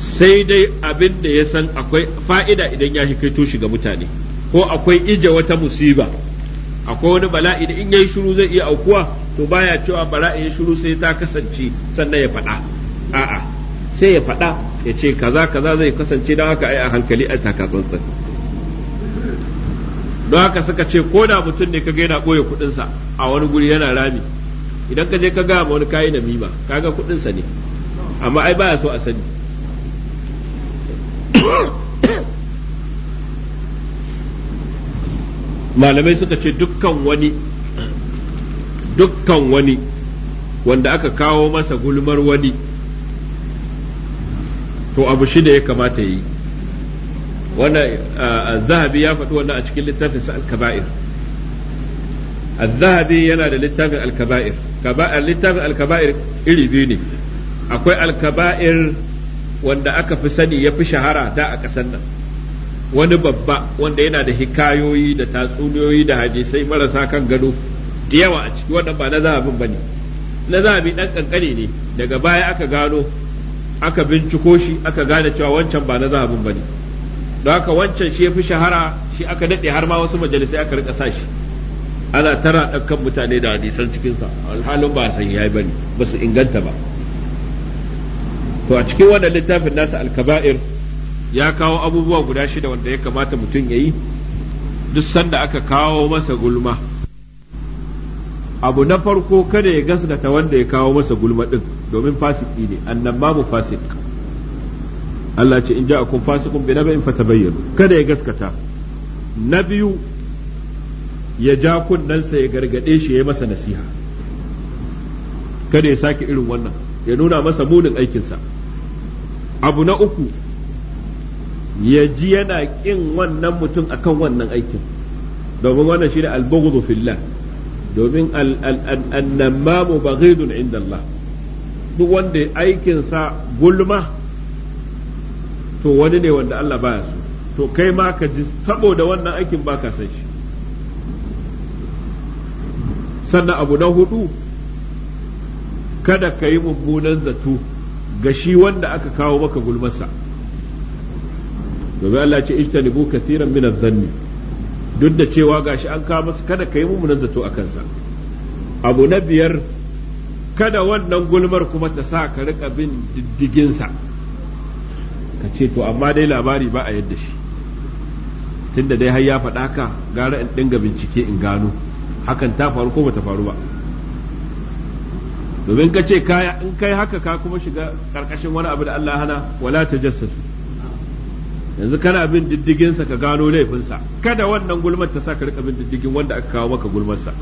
sai dai abin da ya san akwai fa'ida idan ya hikai shi ga mutane ko akwai ije wata musiba akwai wani bala'i da in yayi shiru zai iya aukuwa to baya cewa bala'i ya shiru sai ta kasance sannan ya faɗa a'a sai ya faɗa ya ce kaza kaza zai kasance don haka ai a hankali a takatsantsan don haka suka ce ko da mutum ne kaga yana ɓoye kuɗinsa a wani guri yana rami idan ka je ka wani kayi na mima kaga kuɗinsa ne amma ai baya so a sani malamai suka ce dukkan wani dukkan wani wanda aka kawo masa gulmar wani to abu da ya kamata ya yi wannan zahabi ya faɗi wannan a cikin littafin sa al-kaba'ir zahabi yana da littafin al-kaba'ir littafin al-kaba'ir iri biyu ne akwai al-kaba'ir wanda aka fi sani ya fi shahara da a ƙasar nan wani babba wanda yana da hikayoyi da tatsuniyoyi da hadisai marasa kan gado da yawa a ciki wannan ba na zahabin ba ne na zahabi ɗan ƙanƙani ne daga baya aka gano aka binciko shi aka gane cewa wancan ba na zahabin ba ne da haka wancan shi ya fi shahara shi aka daɗe har ma wasu majalisai aka rika sa ana tara ɗaukan mutane da hadisan cikinsa alhalin ba san ya bane ba su inganta ba to a cikin wannan littafin nasa alkaba'ir ya kawo abubuwa guda shida wanda ya kamata mutum ya yi duk sanda aka kawo masa gulma abu na farko kada ya gasgata wanda ya kawo masa gulma din domin fasiki ne annan babu fasik Allah ce in ja ja'akum fasiqun bi naba'in fatabayyanu kada ya gaskata na biyu ya ja kunnensa ya gargade shi ya masa nasiha kada ya sake irin wannan ya nuna masa munin aikinsa abu na uku ya ji yana ƙin wannan mutum akan wannan aikin domin wannan shi ne albughdu fillah domin annamamu baghidun inda Allah duk wanda aikinsa gulma to wani ne wanda Allah baya so to kai ma ka ji saboda wannan aikin ba ka san shi sannan abu na hudu kada ka yi mummunan zato ga shi wanda aka kawo maka gulmasa domin Allah ce ijtanibu kathiran min adh duk da cewa gashi an kawo masa kada ka yi mummunan zato a kansa abu na biyar kada wannan gulmar kuma ta sa ka rika bin diddiginsa ka ce to amma dai labari ba a yadda shi tunda dai har ya faɗa ka gara in dinga bincike in gano hakan ta faru ko bata faru ba domin ka ce kaya in kai haka ka kuma shiga karkashin wani abu da Allah hana wala tajassasu yanzu kana bin diddiginsa ka gano laifinsa kada wannan gulmar ta sa ka rika bin diddigin wanda aka kawo maka gulmarsa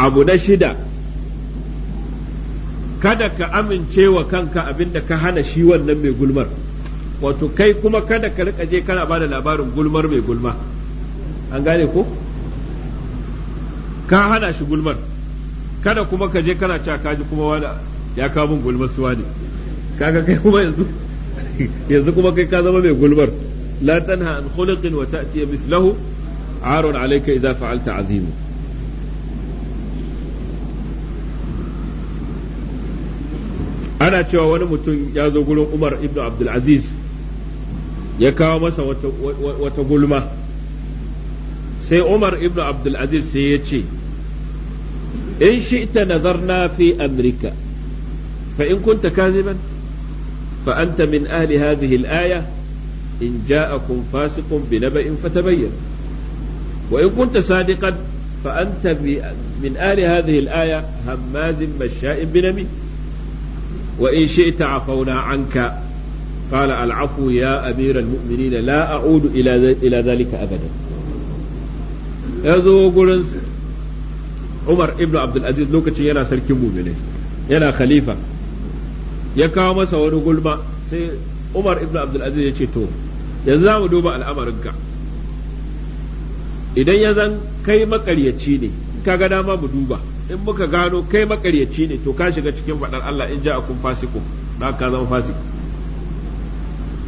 abu na shida kada ka amince wa kanka abinda ka hana shi wannan mai gulmar wato kai kuma kada ka rika je kana bada labarin gulmar mai gulma an gane ko ka hana shi gulmar kada kuma ka je kana cewa kaji kuma wani ya kawo min gulmar suwa ne kaga kai kuma yanzu yanzu kuma kai ka zama mai gulmar la tanha an khuluqin wa ta'ti mislahu arun alayka idza fa'alta azimu ana cewa wani mutum ya zo gurin umar ibn abdulaziz ya kawo masa wata gulma sai umar ibn abdulaziz sai ya ce in shi ita nazarna fi amurka fa in kunta kaziban fa anta min ahli hadhihi al-aya in ja'akum fasiqun bi naba'in fatabayyan wa in kunta sadiqan fa anta min ahli hadhihi al-aya hammazin masha'in binamin wa in shi'ta afauna anka قال العفو يا أمير المؤمنين لا أعود إلى إلى ذلك أبدا يزو قرن عمر ابن عبد العزيز لوكتي ينا سلكي مؤمنين ينا خليفة يكاو مسا ونقول ما سي عمر ابن عبد العزيز يشي تو يزاو دوبا الأمر انك idan ya zan kai makaryaci ne ka ga dama mu duba in muka gano kai makaryaci ne to ka shiga cikin faɗar Allah in ja'akum fasiqun da ka zama fasiki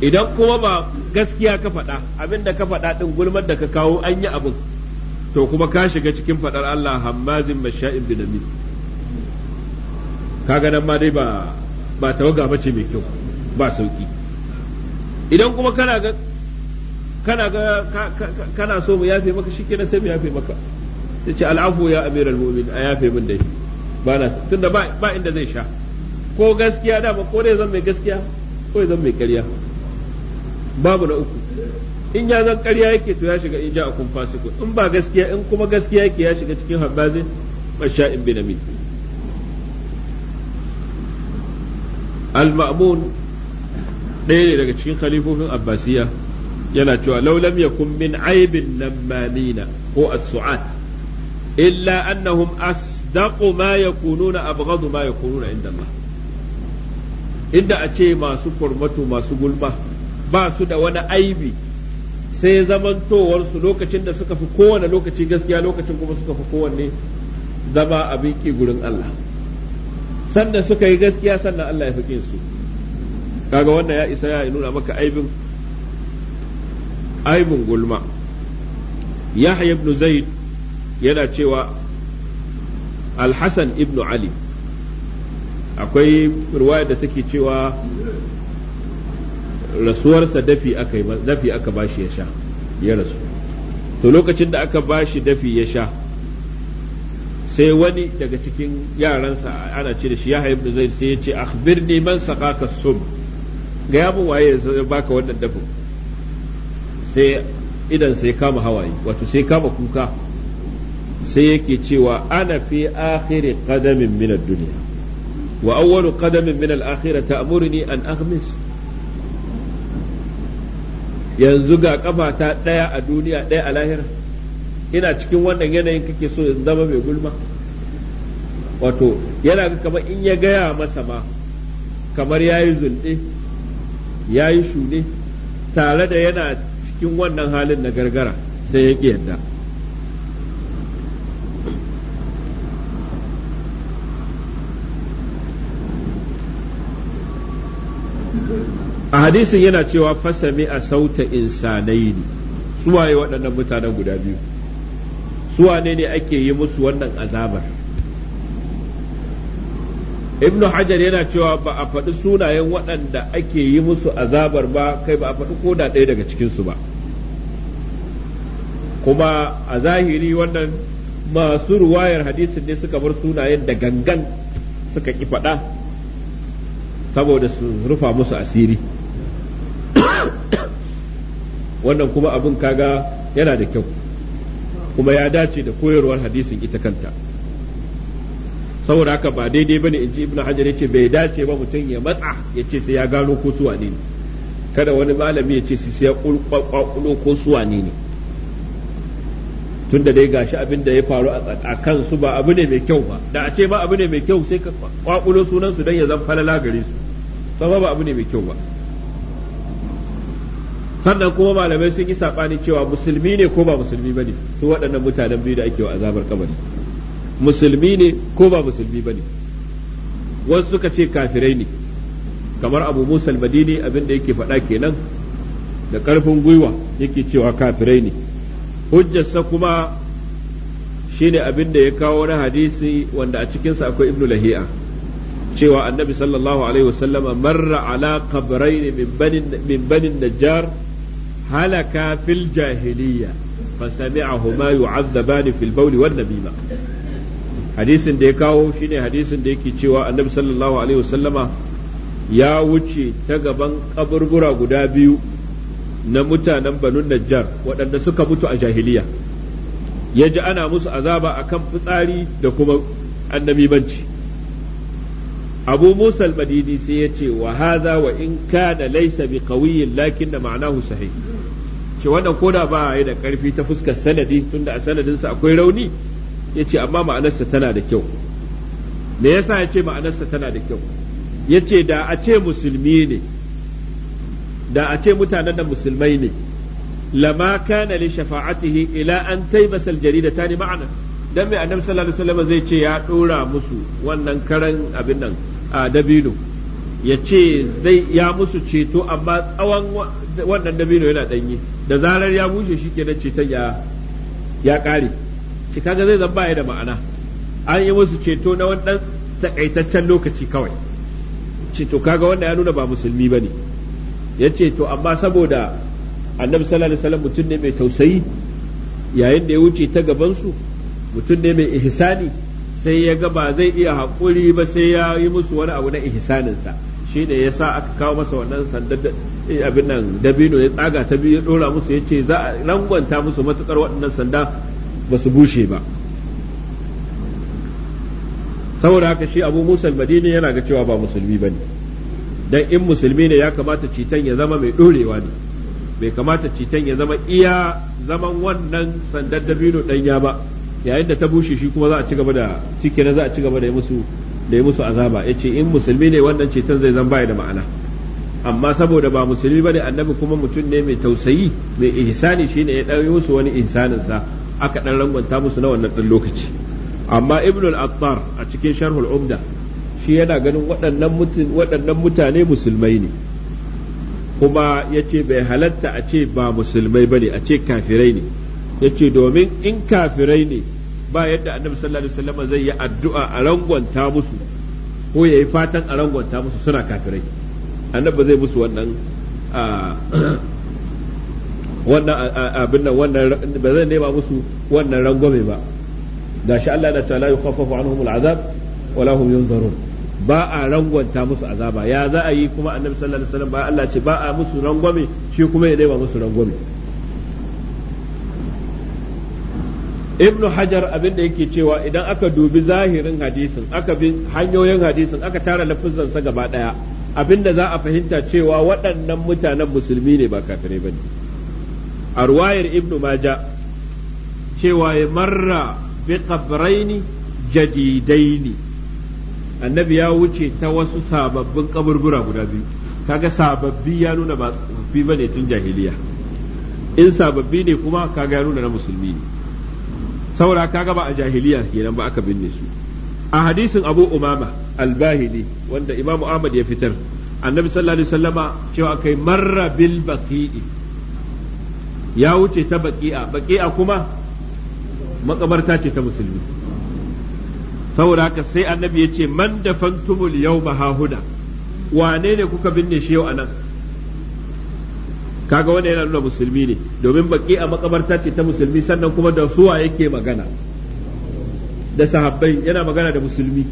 idan kuma ba gaskiya ka faɗa abin da ka faɗa din gulmar da ka kawo an yi abin to kuma ka shiga cikin faɗar Allah hammazin masha'in nabi kaga nan ma dai ba ba tawaga bace mai kyau ba sauki idan kuma kana ga kana ga kana so mu yafe maka shikenan sai mu yafe maka sai ce al'afu ya amiral mu'min a yafe min dai ba na tunda ba inda zai sha ko gaskiya da ba ko dai zan mai gaskiya ko zan mai ƙarya babu na uku in ya zan ƙarya yake to ya shiga in ja a akun fasikun in ba gaskiya in kuma gaskiya yake ya shiga cikin habbazin masha'in binamin al-ma'mun ɗaya ne daga cikin khalifofin abbasiya yana cewa laulam yakun min aibin lammanina ko as-su'at illa annahum asdaqu ma yakununa abghadu ma yakununa inda Allah inda a ce masu kurmato masu gulma ba su da wani aibi sai zamantowarsu lokacin da suka fi kowane lokaci gaskiya lokacin kuma suka fi kowanne zama abin gurin Allah sanda suka yi gaskiya sannan Allah ya fi kaga wannan ya isa ya nuna maka aibin aibin gulma yahya ibn zaid yana cewa alhassan ibnu ali akwai ruwaya da take cewa rasuwarsa dafi aka ba shi bashi ya sha ya rasu to lokacin da aka bashi dafi ya sha sai wani daga cikin yaransa ana ce da shi ya haibu zai sai ya ce akhbirni man saqaka sum ga ya waye ya baka wannan dafin sai idan sai kama hawaye wato sai kama kuka sai yake cewa ana fi akhiri qadamin min ad-dunya wa awwalu qadamin min al-akhirah ta'muruni an aghmis yanzu ga ta daya a duniya daya a lahira ina cikin wannan yanayin kake so in zama mai gulma wato yana ga kamar in ya gaya masa ma kamar ya yi zulɗe ya yi shuɗe tare da yana cikin wannan halin na gargara sai ya ƙi yadda a hadisin yana cewa fasami a sauta insanai ne suwaye waɗannan mutanen guda biyu suwa ne ne ake yi musu wannan azabar ibnu hajar yana cewa ba a faɗi sunayen waɗanda ake yi musu azabar ba kai ba a faɗi koda ɗaya daga cikinsu ba kuma a zahiri wannan masu ruwayar hadisin ne suka bar sunayen da gangan suka ƙi faɗa saboda su rufa musu asiri wannan kuma abin kaga yana da kyau kuma ya dace da koyarwar hadisin ita kanta saboda haka ba daidai bane in ji ibnu hajar yace bai dace ba mutum ya matsa yace sai ya gano ko su wane ne kada wani malami ya ce sai ya kulkwakulo ko su wane ne tunda dai gashi abin da ya faru a tsakan su ba abu ne mai kyau ba da a ce ba abu ne mai kyau sai ka kwakulo sunan su dan ya zan falala gare su ba abu ne mai kyau ba sannan kuma malamai sun yi saɓani cewa musulmi ne ko ba musulmi bane su waɗannan mutanen biyu da ake wa azabar kabari musulmi ne ko ba musulmi bane wasu suka ce kafirai ne kamar abu musa madini abin da yake faɗa kenan da ƙarfin gwiwa yake cewa kafirai ne hujjarsa kuma shine abin da ya kawo na hadisi wanda a cikinsa akwai ibnu lahi'a cewa annabi sallallahu alaihi wasallama marra ala ne min banin najjar halaka fil jahiliya fasami'ahuma yu'azzabani fil bawli wan namima hadisin da ya kawo shine hadisin da yake cewa annabi sallallahu alaihi wasallama ya wuce ta gaban kaburbura guda biyu na mutanen banu najjar waɗanda suka mutu a jahiliya ya ji ana musu azaba a kan fitsari da kuma annabibanci abu musa madini sai ya ce wa hadha wa in kana laysa bi qawiyyin lakin da ma'anahu sahih ce wannan koda ba yi da karfi ta fuskar sanadi tunda a sanadinsa akwai rauni ya ce amma ma'anarsa tana da kyau me yasa ya ce ma'anarsa tana da kyau ya ce da a ce musulmi ne da a ce mutanen da musulmai ne lama kana li shafa'atihi ila an taibasa ta ne ma'ana dan mai annabi sallallahu alaihi wasallam zai ce ya dora musu wannan karan abin nan a dabino ya ce zai ya musu ceto amma tsawon wannan dabino yana danyi da zarar ya bushe shi kenan ceton ya ya kare shi kaga zai zan baya da ma'ana an yi musu ceto na wani dan takaitaccen lokaci kawai ceto kaga wanda ya nuna ba musulmi ba ne. ya ceto amma saboda annabi sallallahu alaihi wasallam mutum ne mai tausayi yayin da ya wuce ta gabansu mutum ne mai ihsani sai ya ga ba zai iya haƙuri ba sai ya yi musu wani abu na ihsaninsa shi ne ya sa aka kawo masa wannan sandar Eh, abin nan dabino ya tsaga ta biyu ya dora musu ya ce za a rangwanta musu matukar waɗannan sanda ba su bushe ba saboda haka shi abu musa madini yana ga cewa ba musulmi ba ne don in musulmi ne ya kamata citan ya zama mai ɗorewa ne bai kamata citan ya zama iya zaman wannan sandar dabino ɗanya ba yayin da ta bushe shi kuma za a ci gaba da cike za a ci gaba da musu da musu azaba ya ce in musulmi ne wannan citan zai zama bai da ma'ana amma saboda ba musulmi bane annabi kuma mutum ne mai tausayi mai ihsani shine ya ɗauyo su wani ihsanin sa aka dan rangwanta musu na wannan dan lokaci amma ibnul attar a cikin sharhul umda shi yana ganin waɗannan mutane waɗannan mutane musulmai ne kuma yace bai halatta a ce ba musulmai bane a ce kafirai ne yace domin in kafirai ne ba yadda annabi sallallahu alaihi wasallam zai yi addu'a a rangwanta musu ko yayi fatan a rangwanta musu suna kafirai annabi zai musu wannan wannan abin nan wannan ba zai nema musu wannan rangwame ba shi Allah da ta'ala yukhaffafu anhum al'azab wala lahum yunzarun ba a rangwanta musu azaba ya za a yi kuma annabi sallallahu alaihi wasallam ba Allah ce ba a musu rangwame shi kuma ya nema musu rangwame ibn hajar abin da yake cewa idan aka dubi zahirin hadisin aka bi hanyoyin hadisin aka tara lafizansa gaba daya Abin da za a fahimta cewa waɗannan mutanen musulmi ne ba kafirai ba ne a ruwayar ibnu maja cewa ya marra bi qabraini jadidaini annabi ya wuce ta wasu sababbin kaburbura guda biyu kaga sababbi ya nuna ba sababbi bane tun jahiliya in sababbi ne kuma kaga ya nuna na musulmi ne saura kaga ba a jahiliya kenan ba aka binne su a hadisin abu umama albahili wanda imamu ahmad ya fitar annabi sallallahu alaihi wasallama cewa kai marra bil baqi'i ya wuce ta baqi'a baqi'a kuma makabarta ce ta musulmi saboda haka sai annabi ya ce man dafantumul yau hahuda wane ne kuka binne shi yau anan kaga wanda yana nuna musulmi ne domin a makabarta ce ta musulmi sannan kuma da suwa yake magana da sahabbai yana magana da musulmi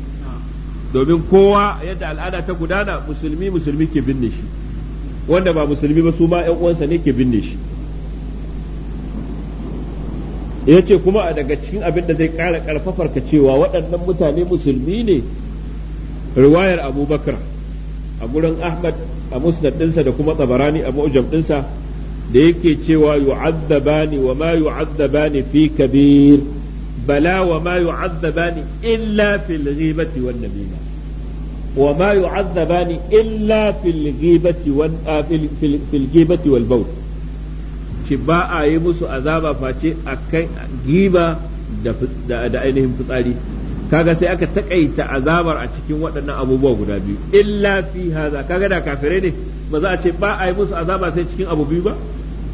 domin kowa yadda al'ada ta gudana musulmi musulmi ke binne shi wanda ba musulmi ba su ma yan uwansa ne ke binne shi ya ce kuma a daga cikin abin da zai kara karfafar ka cewa waɗannan mutane musulmi ne riwayar abubakar a gurin ahmad a musnad ɗinsa da kuma tsabarani a mu'jam ɗinsa da yake cewa yu'azzabani wa ma yu'azzabani fi kabir bala wa ma yu'azzabani illa fil ghibati wan namima wa ma yu'azzabani illa fil ghibati wan fil ghibati wal bawl ce ba a yi musu face da ainihin fitsari kaga sai aka takaita azabar a cikin waɗannan abubuwa guda biyu illa fi haza kaga da kafirai ne ba za a ce ba a yi musu azaba sai cikin abu biyu ba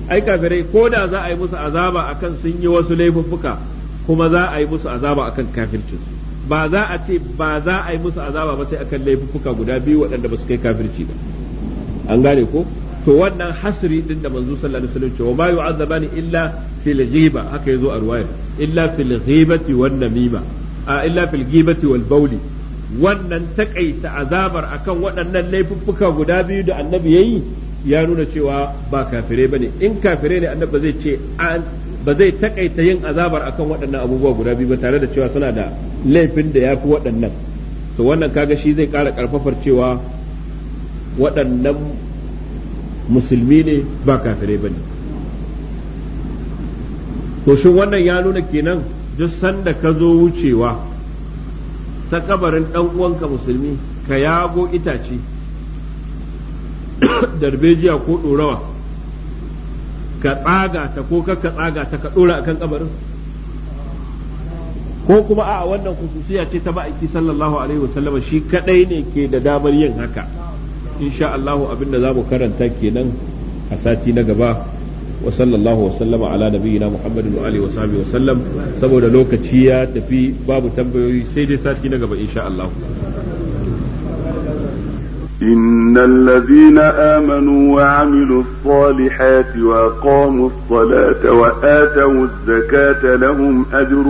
ai kafirai ko da za a yi musu azaba akan sun yi wasu laifuffuka kuma za a yi musu azaba akan kafircinsu ba za a ce ba za a yi musu azaba ba sai akan laifuka guda biyu waɗanda ba su kai kafirci ba an gane ko to wannan hasri din da manzo sallallahu alaihi wasallam ce wa ma yu'azzabani illa fil ghiba haka yazo a ruwaya illa fil ghibati wan namima a illa fil ghibati wal bawli wannan takaita azabar akan waɗannan laifuffuka guda biyu da annabi yayi ya nuna cewa ba kafirai bane in kafire ne annabi zai ce an. ba zai takaita yin azabar akan waɗannan abubuwa guda biyu ba tare da cewa suna da laifin da ya fi waɗannan to wannan kaga shi zai ƙara ƙarfafar cewa waɗannan musulmi ne ba kafirai ba ne to shin wannan ya nuna kenan duk sanda ka zo wucewa ta kabarin ɗan uwanka musulmi ka yago itace darbejiya ko ɗorawa ka tsaga ta ko ka tsaga ta ka dora akan kabarin ko kuma a wannan kususiya ce ta ma'aiki sallallahu alaihi wasallama shi kadai ne ke da damar yin haka insha Allah abinda za mu karanta kenan a sati na gaba wa sallallahu wasallama ala nabiyyina muhammadin wa alihi wa sahbihi wa sallam saboda lokaci ya tafi babu tambayoyi sai dai sati na gaba insha Allah إن الذين آمنوا وعملوا الصالحات وقاموا الصلاة وآتوا الزكاة لهم أجر